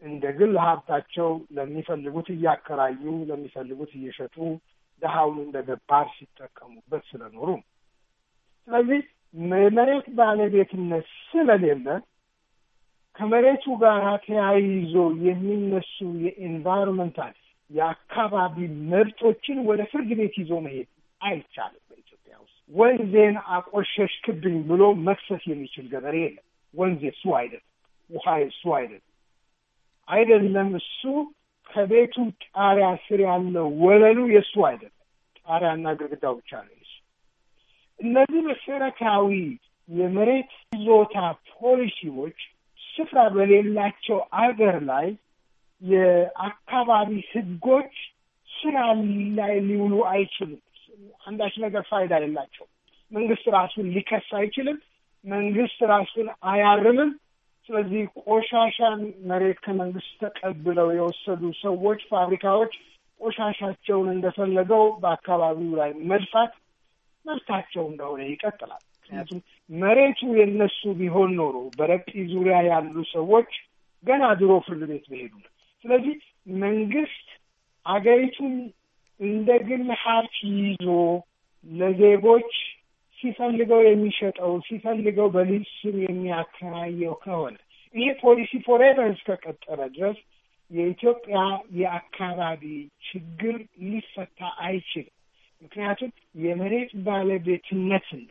እንደ ግል ሀብታቸው ለሚፈልጉት እያከራዩ ለሚፈልጉት እየሸጡ ድሀውን እንደ ገባር ሲጠቀሙበት ስለኖሩ ስለዚህ መሬት ባለቤትነት ስለሌለ ከመሬቱ ጋር ተያይዞ የሚነሱ የኤንቫይሮንመንታል የአካባቢ ምርጦችን ወደ ፍርድ ቤት ይዞ መሄድ አይቻልም። ወንዜን አቆሸሽክብኝ ብሎ መክሰስ የሚችል ገበሬ የለም። ወንዝ እሱ አይደለም፣ ውሃ እሱ አይደለም አይደለም እሱ ከቤቱ ጣሪያ ስር ያለው ወለሉ የእሱ አይደለም። ጣሪያና ግድግዳው ብቻ ነው የሱ። እነዚህ መሰረታዊ የመሬት ይዞታ ፖሊሲዎች ስፍራ በሌላቸው አገር ላይ የአካባቢ ህጎች ስራ ላይ ሊውሉ አይችሉም። አንዳች ነገር ፋይዳ የላቸው። መንግስት ራሱን ሊከስ አይችልም። መንግስት ራሱን አያርምም። ስለዚህ ቆሻሻን መሬት ከመንግስት ተቀብለው የወሰዱ ሰዎች፣ ፋብሪካዎች ቆሻሻቸውን እንደፈለገው በአካባቢው ላይ መድፋት መብታቸው እንደሆነ ይቀጥላል። ምክንያቱም መሬቱ የነሱ ቢሆን ኖሮ በረቂ ዙሪያ ያሉ ሰዎች ገና ድሮ ፍርድ ቤት በሄዱ። ስለዚህ መንግስት አገሪቱን እንደ ግል ሀብት ይዞ ለዜጎች ሲፈልገው የሚሸጠው ሲፈልገው በሊዝ ስም የሚያከራየው ከሆነ ይሄ ፖሊሲ ፎሬቨር እስከቀጠረ ድረስ የኢትዮጵያ የአካባቢ ችግር ሊፈታ አይችልም። ምክንያቱም የመሬት ባለቤትነትና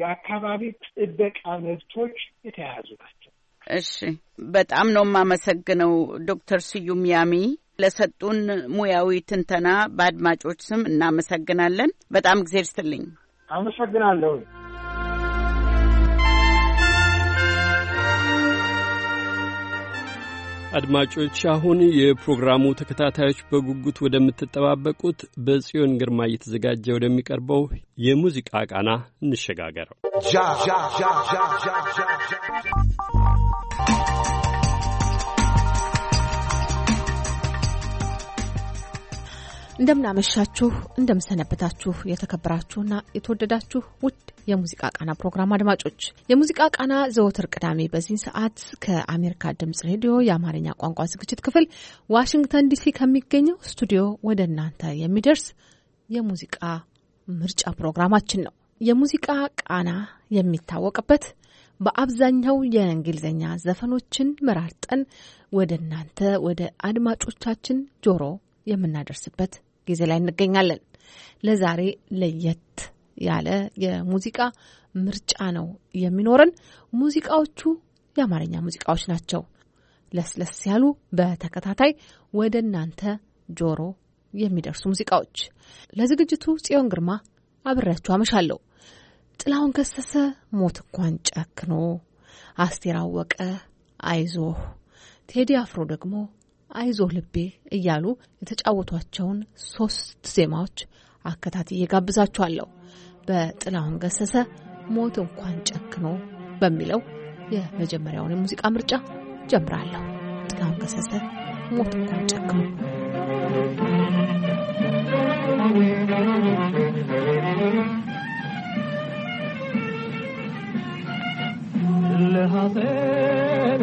የአካባቢ ጥበቃ መብቶች የተያያዙ ናቸው። እሺ፣ በጣም ነው የማመሰግነው ዶክተር ስዩም ያሚ። ለሰጡን ሙያዊ ትንተና በአድማጮች ስም እናመሰግናለን። በጣም እግዜር ይስጥልኝ። አመሰግናለሁ። አድማጮች አሁን የፕሮግራሙ ተከታታዮች በጉጉት ወደምትጠባበቁት በጽዮን ግርማ እየተዘጋጀ ወደሚቀርበው የሙዚቃ ቃና እንሸጋገረው። እንደምናመሻችሁ እንደምሰነበታችሁ የተከበራችሁና የተወደዳችሁ ውድ የሙዚቃ ቃና ፕሮግራም አድማጮች የሙዚቃ ቃና ዘወትር ቅዳሜ በዚህን ሰዓት ከአሜሪካ ድምጽ ሬዲዮ የአማርኛ ቋንቋ ዝግጅት ክፍል ዋሽንግተን ዲሲ ከሚገኘው ስቱዲዮ ወደ እናንተ የሚደርስ የሙዚቃ ምርጫ ፕሮግራማችን ነው። የሙዚቃ ቃና የሚታወቅበት በአብዛኛው የእንግሊዝኛ ዘፈኖችን መራርጠን ወደ እናንተ ወደ አድማጮቻችን ጆሮ የምናደርስበት ጊዜ ላይ እንገኛለን። ለዛሬ ለየት ያለ የሙዚቃ ምርጫ ነው የሚኖረን። ሙዚቃዎቹ የአማርኛ ሙዚቃዎች ናቸው። ለስለስ ያሉ በተከታታይ ወደ እናንተ ጆሮ የሚደርሱ ሙዚቃዎች። ለዝግጅቱ ጽዮን ግርማ አብሬያችሁ አመሻለሁ። ጥላሁን ገሰሰ ሞት እንኳን ጨክኖ፣ አስቴር አወቀ አይዞህ፣ ቴዲ አፍሮ ደግሞ አይዞህ ልቤ እያሉ የተጫወቷቸውን ሶስት ዜማዎች አከታትዬ ጋብዛችኋለሁ። በጥላሁን ገሰሰ ሞት እንኳን ጨክኖ በሚለው የመጀመሪያውን የሙዚቃ ምርጫ ጀምራለሁ። ጥላሁን ገሰሰ ሞት እንኳን ጨክኖ ለሀዘን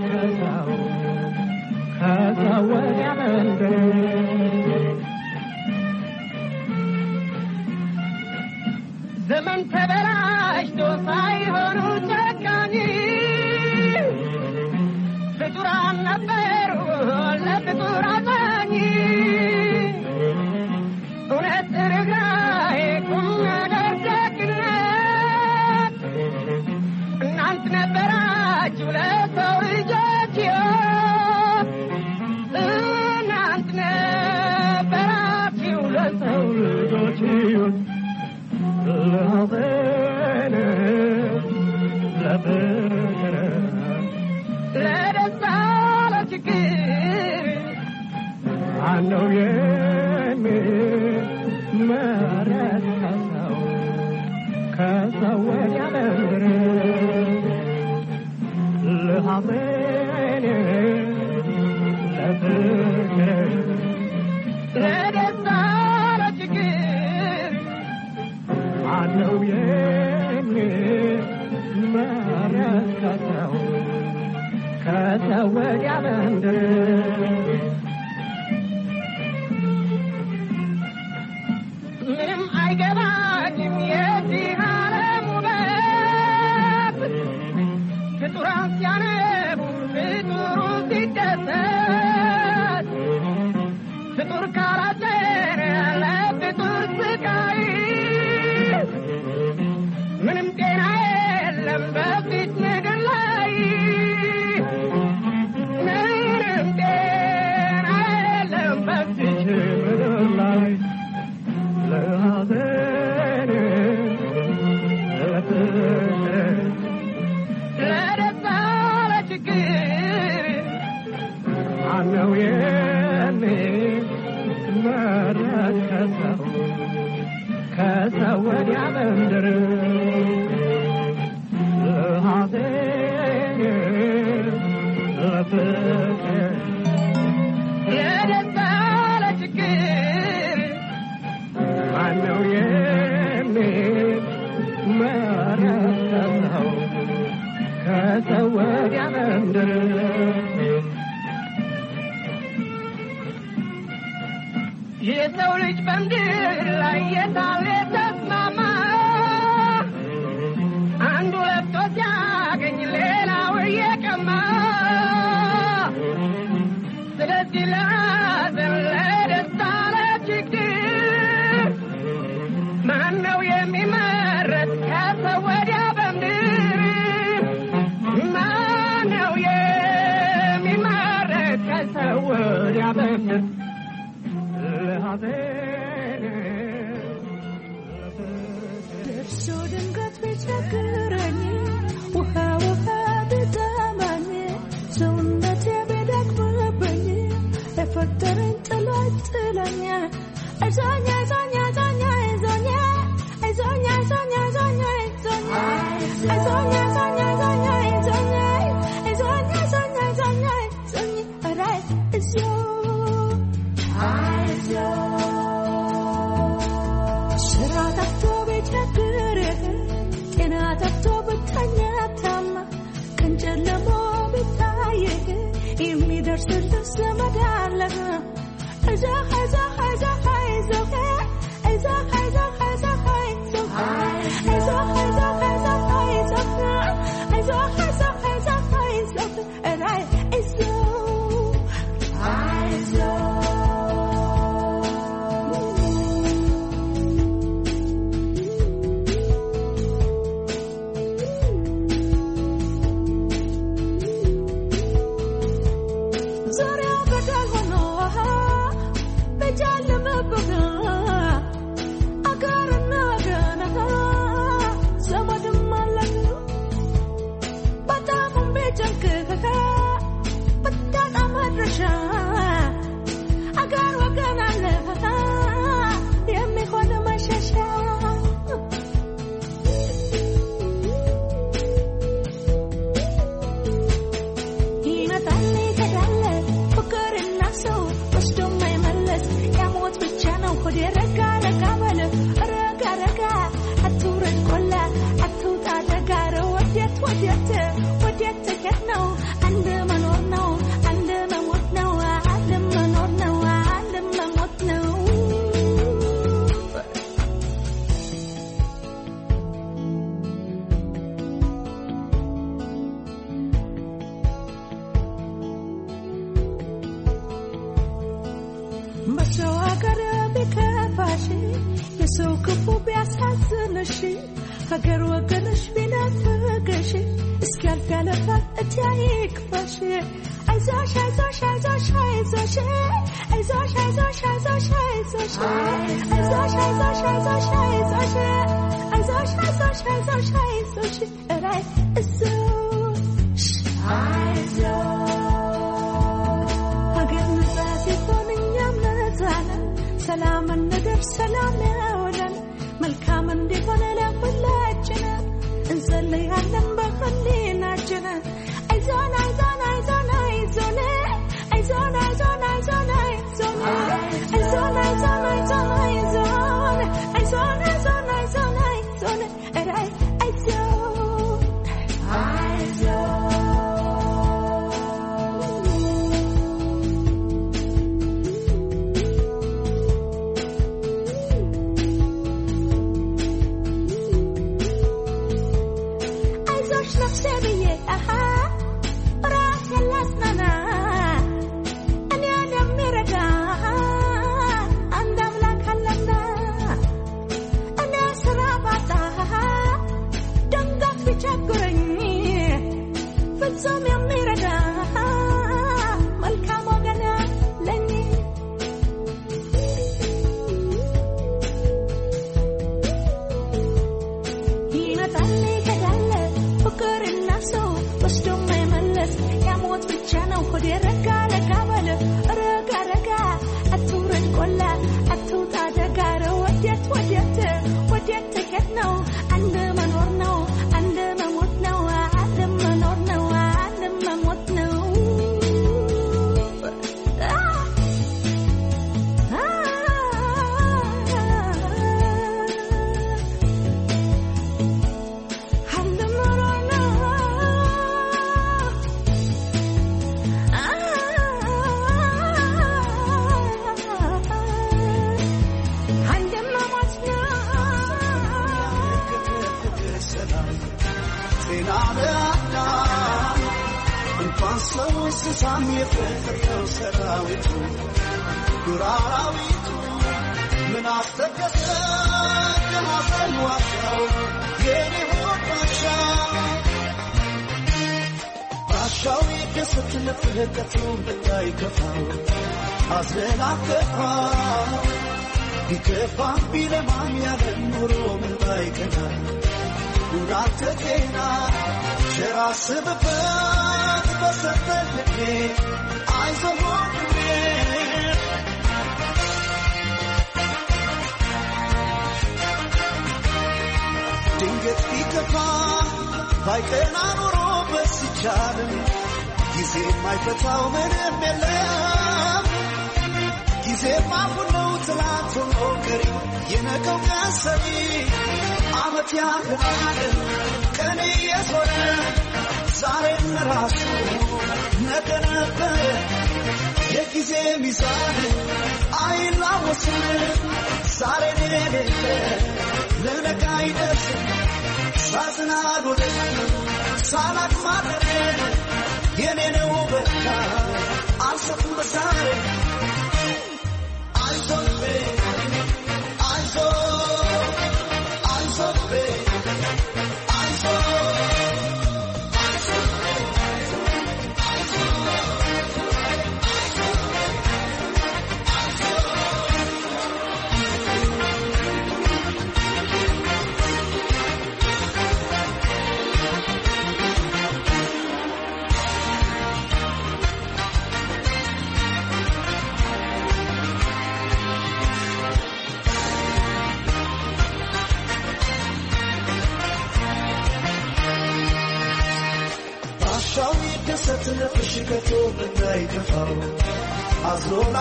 Cause I 还在，还在。ሰላምን ነገር ሰላም ያውለን መልካም እንዲሆነ ለሁላችን እንጸልያለን በህሊናችን ስትልፍ ርቀቱ እንዳይከፋው አዘናከፋ ቢከፋ ቢለማም ያለን ኑሮ ምንባይቀና ድንገት ቢከፋ ባይቀና ኑሮ በስቻልም ጊዜ የማይፈታው ምንም የለም። ጊዜ ማፉን ነው ትላንት ሞከሪ የነገው ቀሰሪ አመት ያህል ቀን የዞረ ዛሬም ራሱ ነገ ነበር። የጊዜ ሚዛን አይላወስም። ዛሬን የሌለ ለነገ አይደርስም። ሳዝናሉልን ሳላቅማጠር የኔ ነው በቃ በዛሬ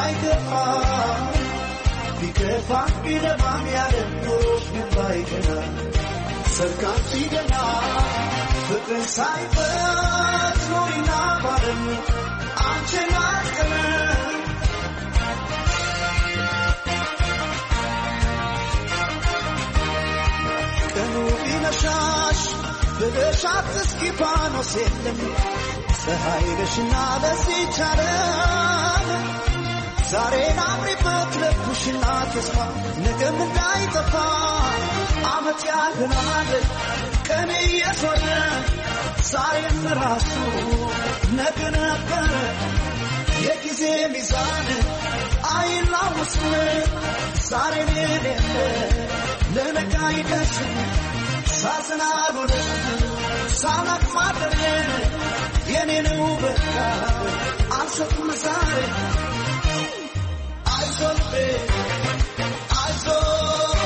አይገባም ቢከፋም ቢለማም ያለኖች ምንም ባይገና ሰርካም ሲገና ፍቅር ሳይበት ኖሪና ባለም አንቺን አጥቀመን ቀኑ ቢመሻሽ ብለሻት እስኪ ዛሬን አብሪበት ለኩሽና ተስፋ ነገም እንዳይጠፋ አመት ያልናል ቀን እየዞረ ዛሬም ራሱ ነገ ነበረ የጊዜ ሚዛን አይላውስም ዛሬን የሌለ ለነገ አይደርስም ሳዝናሉን ሳላቅ ማደር የኔ ነው በቃ ዛሬ I saw.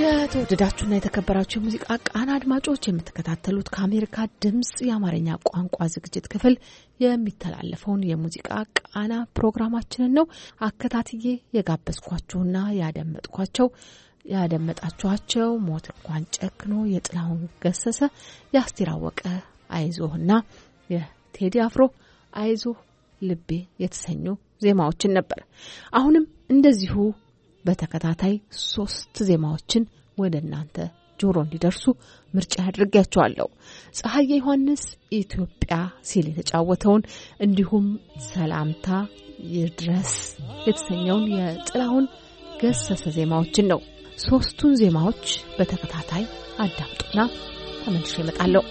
የተወደዳችሁና የተከበራችሁ የሙዚቃ ቃና አድማጮች የምትከታተሉት ከአሜሪካ ድምፅ የአማርኛ ቋንቋ ዝግጅት ክፍል የሚተላለፈውን የሙዚቃ ቃና ፕሮግራማችንን ነው። አከታትዬ የጋበዝኳችሁና ያደመጥኳቸው ያደመጣችኋቸው ሞት እንኳን ጨክኖ የጥላሁን ገሰሰ፣ የአስቴር አወቀ አይዞህና የቴዲ አፍሮ አይዞህ ልቤ የተሰኙ ዜማዎችን ነበር። አሁንም እንደዚሁ በተከታታይ ሶስት ዜማዎችን ወደ እናንተ ጆሮ እንዲደርሱ ምርጫ ያድርጊያቸዋለሁ። ፀሐየ ዮሐንስ ኢትዮጵያ ሲል የተጫወተውን እንዲሁም ሰላምታ ይድረስ የተሰኘውን የጥላሁን ገሰሰ ዜማዎችን ነው። ሶስቱን ዜማዎች በተከታታይ አዳምጡና ተመልሼ እመጣለሁ።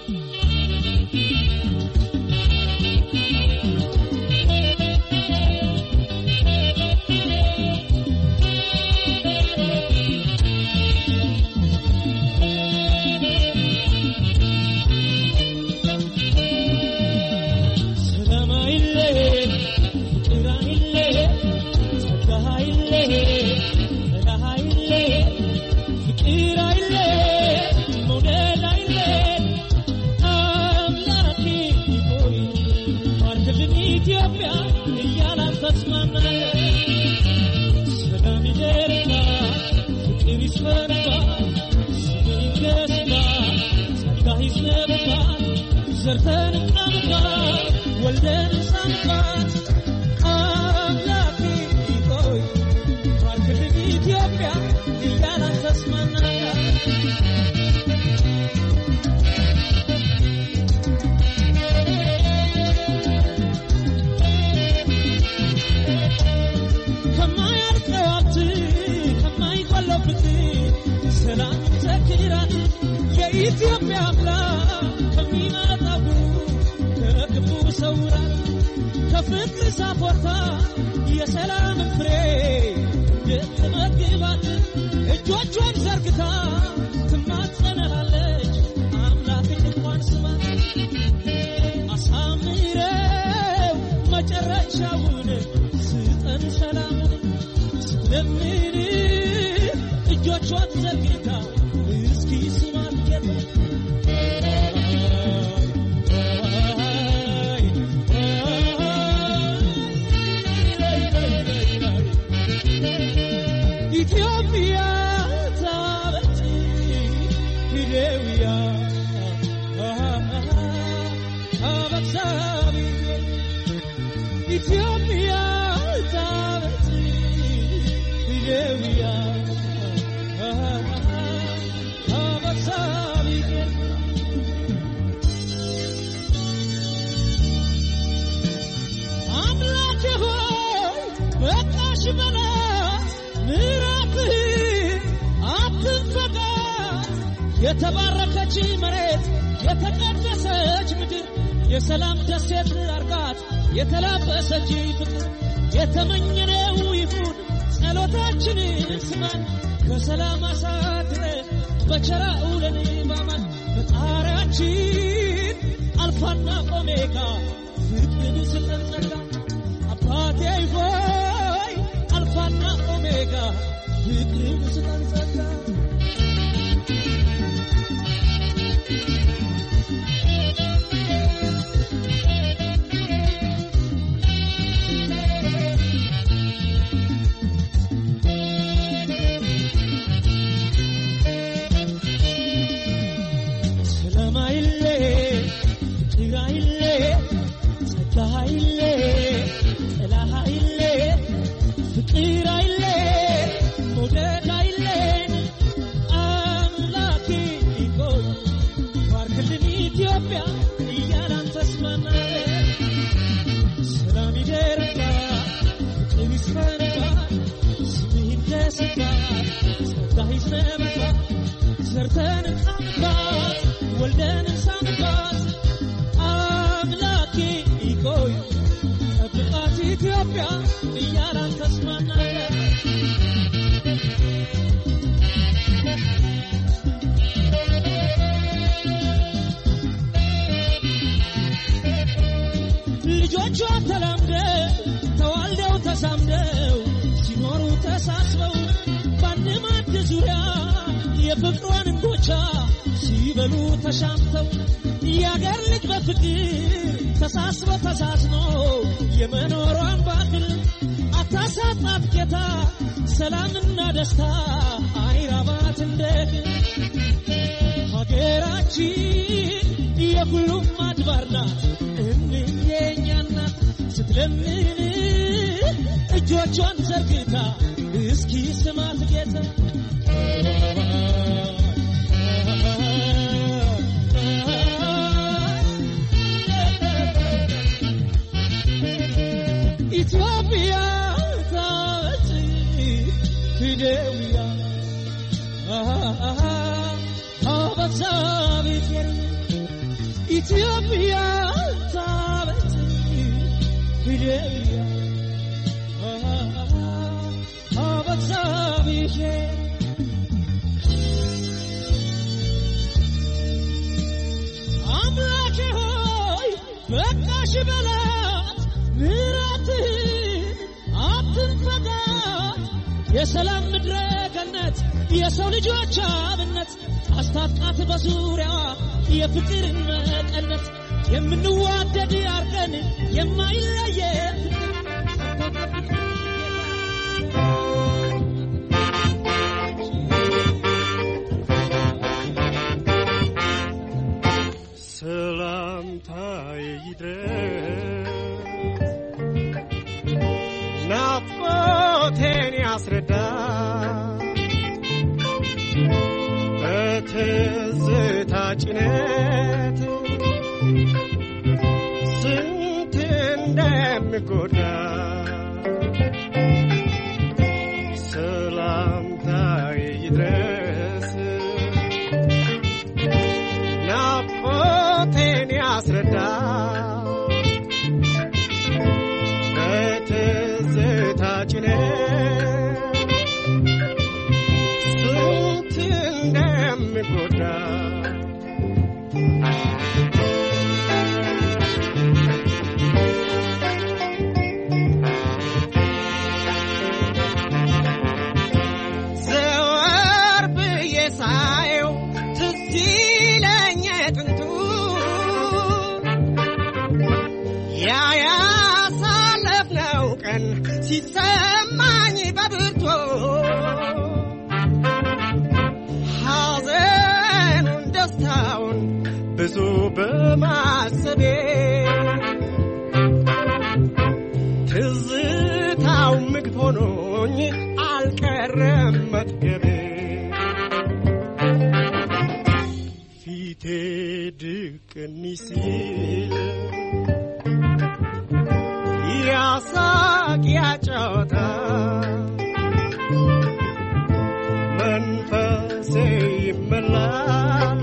ser የፍቅር ሳፖርታ የሰላም ፍሬ የትመግባት እጆቿን ዘርግታ ትማጸናለች። አምላክን እንኳን ስማ አሳምረው መጨረሻውን ስጠን ሰላምን ስለምን እጆቿን ዘርግታ የተባረከች መሬት የተቀደሰች ምድር የሰላም ደሴት አርጋት የተላበሰች ፍቅር የተመኘነው ይሁን ጸሎታችን ስመን በሰላም አሳድረ በቸራ ውለን ባማን በጣሪያችን አልፋና ኦሜጋ ፍቅርን ስለነጋ አባቴ አልፋና ኦሜጋ ፍቅርን ስለንጸጋ Ethiopia tati fideuya ha ha ha ha Ethiopia tati fideuya ha ha ha ha I'm like a but I should be አትንፈጋ የሰላም ምድረ ገነት የሰው ልጆች አብነት አስታጥቃት በዙሪያዋ የፍቅርን መቀነት የምንዋደድ አርገን የማይለየ ሰላምታ ይድረ touching it. ሳየው ትዝ ይለኝ ጥንቱ ያ ያሳለፍነው ቀን ሲሰማኝ በብርቶ ሐዘኑን ደስታውን ብዙ በማሰቤ የሚስል ያሳቅ ያጫወታ መንፈሴ ይመላል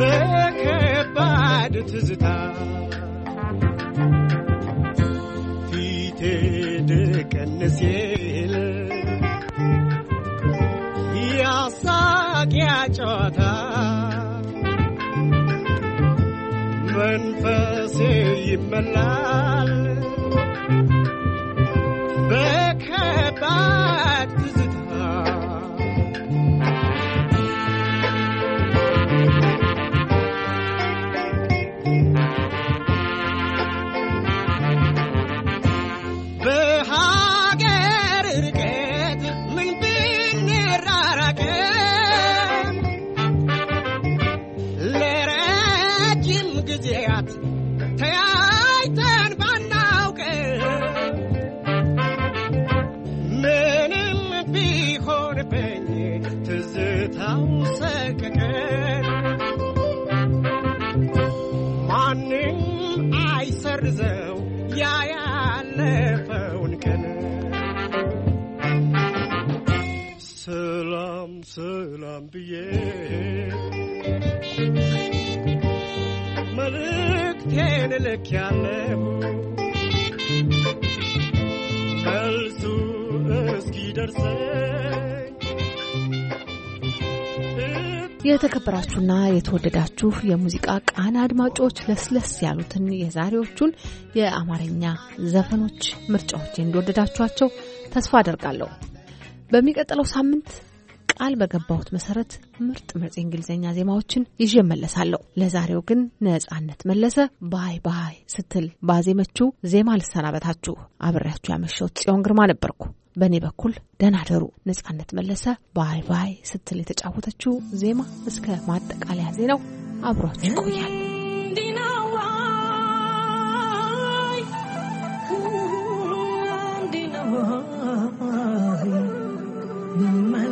በከባድ ትዝታ ፊቴ ድቅንስ ይል ያሳቅ ያጫወታ መንፈሴ ይመላል በከባ ሳይሰርዘው ያ ያለፈውን ቀን ሰላም ሰላም ብዬ መልእክቴን ልክ ያለው መልሱ እስኪ ደርሰ የተከበራችሁና የተወደዳችሁ የሙዚቃ ቃና አድማጮች ለስለስ ያሉትን የዛሬዎቹን የአማርኛ ዘፈኖች ምርጫዎች እንደወደዳችኋቸው ተስፋ አደርጋለሁ። በሚቀጥለው ሳምንት ቃል በገባሁት መሰረት ምርጥ ምርጥ የእንግሊዝኛ ዜማዎችን ይዤ መለሳለሁ። ለዛሬው ግን ነጻነት መለሰ ባይ ባይ ስትል ባዜመችው ዜማ ልሰናበታችሁ። አብሬያችሁ ያመሸሁት ጽዮን ግርማ ነበርኩ። በእኔ በኩል ደህና ደሩ። ነጻነት መለሰ ባይ ባይ ስትል የተጫወተችው ዜማ እስከ ማጠቃለያ ዜናው አብሯችሁ ይቆያል። My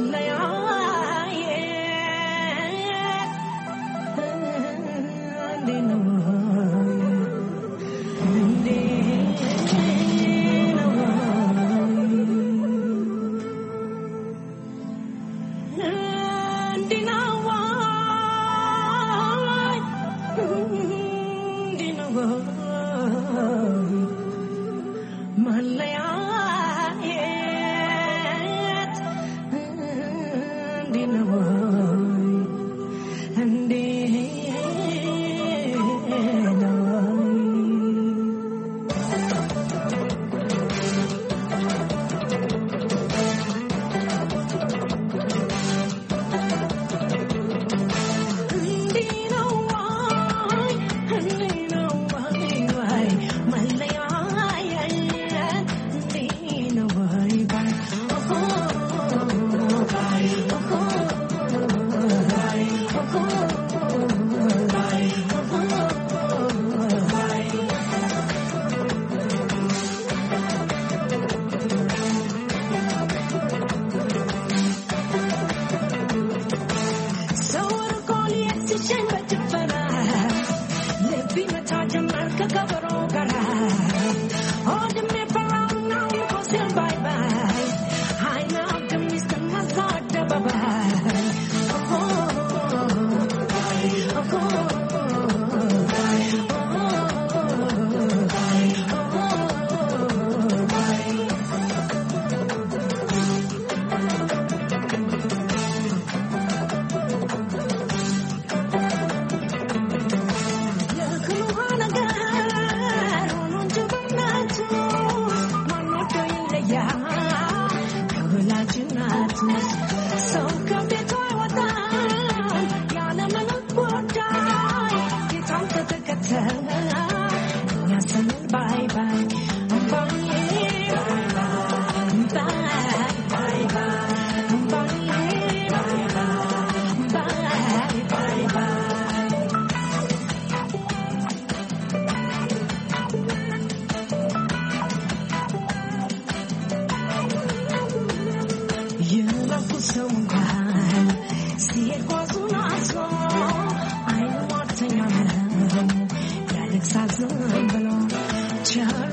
future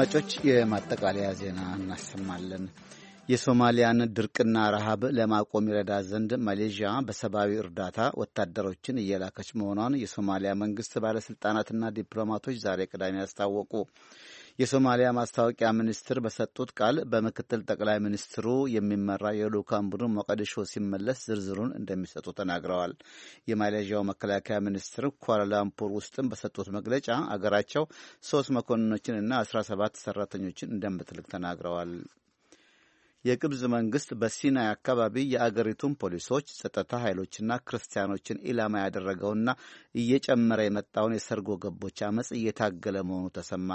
አድማጮች የማጠቃለያ ዜና እናሰማለን። የሶማሊያን ድርቅና ረሃብ ለማቆም ይረዳ ዘንድ ማሌዥያ በሰብአዊ እርዳታ ወታደሮችን እየላከች መሆኗን የሶማሊያ መንግስት ባለሥልጣናትና ዲፕሎማቶች ዛሬ ቅዳሜ አስታወቁ። የሶማሊያ ማስታወቂያ ሚኒስትር በሰጡት ቃል በምክትል ጠቅላይ ሚኒስትሩ የሚመራ የልዑካን ቡድን ሞቃዲሾ ሲመለስ ዝርዝሩን እንደሚሰጡ ተናግረዋል። የማሌዥያው መከላከያ ሚኒስትር ኳላላምፑር ውስጥም በሰጡት መግለጫ አገራቸው ሶስት መኮንኖችን እና አስራ ሰባት ሰራተኞችን እንደምትልክ ተናግረዋል። የግብፅ መንግስት በሲናይ አካባቢ የአገሪቱን ፖሊሶች፣ ጸጥታ ኃይሎችና ክርስቲያኖችን ኢላማ ያደረገውና እየጨመረ የመጣውን የሰርጎ ገቦች አመፅ እየታገለ መሆኑ ተሰማ።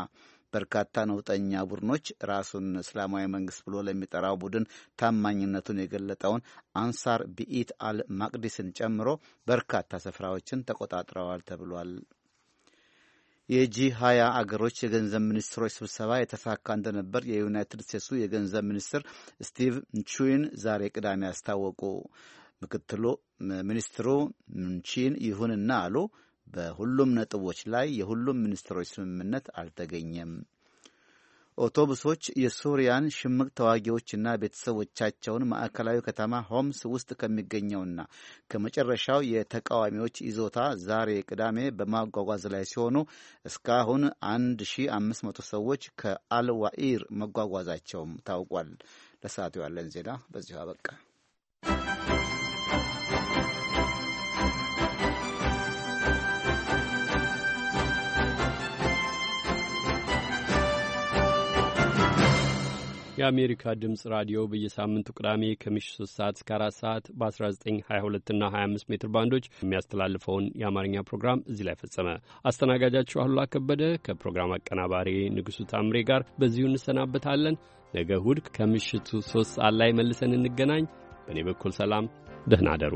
በርካታ ነውጠኛ ቡድኖች ራሱን እስላማዊ መንግስት ብሎ ለሚጠራው ቡድን ታማኝነቱን የገለጠውን አንሳር ቢኢት አል ማቅዲስን ጨምሮ በርካታ ስፍራዎችን ተቆጣጥረዋል ተብሏል። የጂ ሀያ አገሮች የገንዘብ ሚኒስትሮች ስብሰባ የተሳካ እንደነበር የዩናይትድ ስቴትሱ የገንዘብ ሚኒስትር ስቲቭ ንቹን ዛሬ ቅዳሜ አስታወቁ። ምክትሉ ሚኒስትሩ ምንቺን ይሁንና አሉ በሁሉም ነጥቦች ላይ የሁሉም ሚኒስትሮች ስምምነት አልተገኘም። አውቶቡሶች የሱሪያን ሽምቅ ተዋጊዎችና ቤተሰቦቻቸውን ማዕከላዊ ከተማ ሆምስ ውስጥ ከሚገኘውና ከመጨረሻው የተቃዋሚዎች ይዞታ ዛሬ ቅዳሜ በማጓጓዝ ላይ ሲሆኑ እስካሁን 1500 ሰዎች ከአልዋኢር መጓጓዛቸውም ታውቋል። ለሰዓቱ ያለን ዜና በዚሁ አበቃ። የአሜሪካ ድምፅ ራዲዮ በየሳምንቱ ቅዳሜ ከምሽቱ 3 ሰዓት እስከ 4 ሰዓት በ1922 እና 25 ሜትር ባንዶች የሚያስተላልፈውን የአማርኛ ፕሮግራም እዚህ ላይ ፈጸመ። አስተናጋጃችሁ አሉላ ከበደ ከፕሮግራም አቀናባሪ ንጉሡ ታምሬ ጋር በዚሁ እንሰናበታለን። ነገ እሁድ ከምሽቱ 3 ሰዓት ላይ መልሰን እንገናኝ። በእኔ በኩል ሰላም፣ ደህና አደሩ።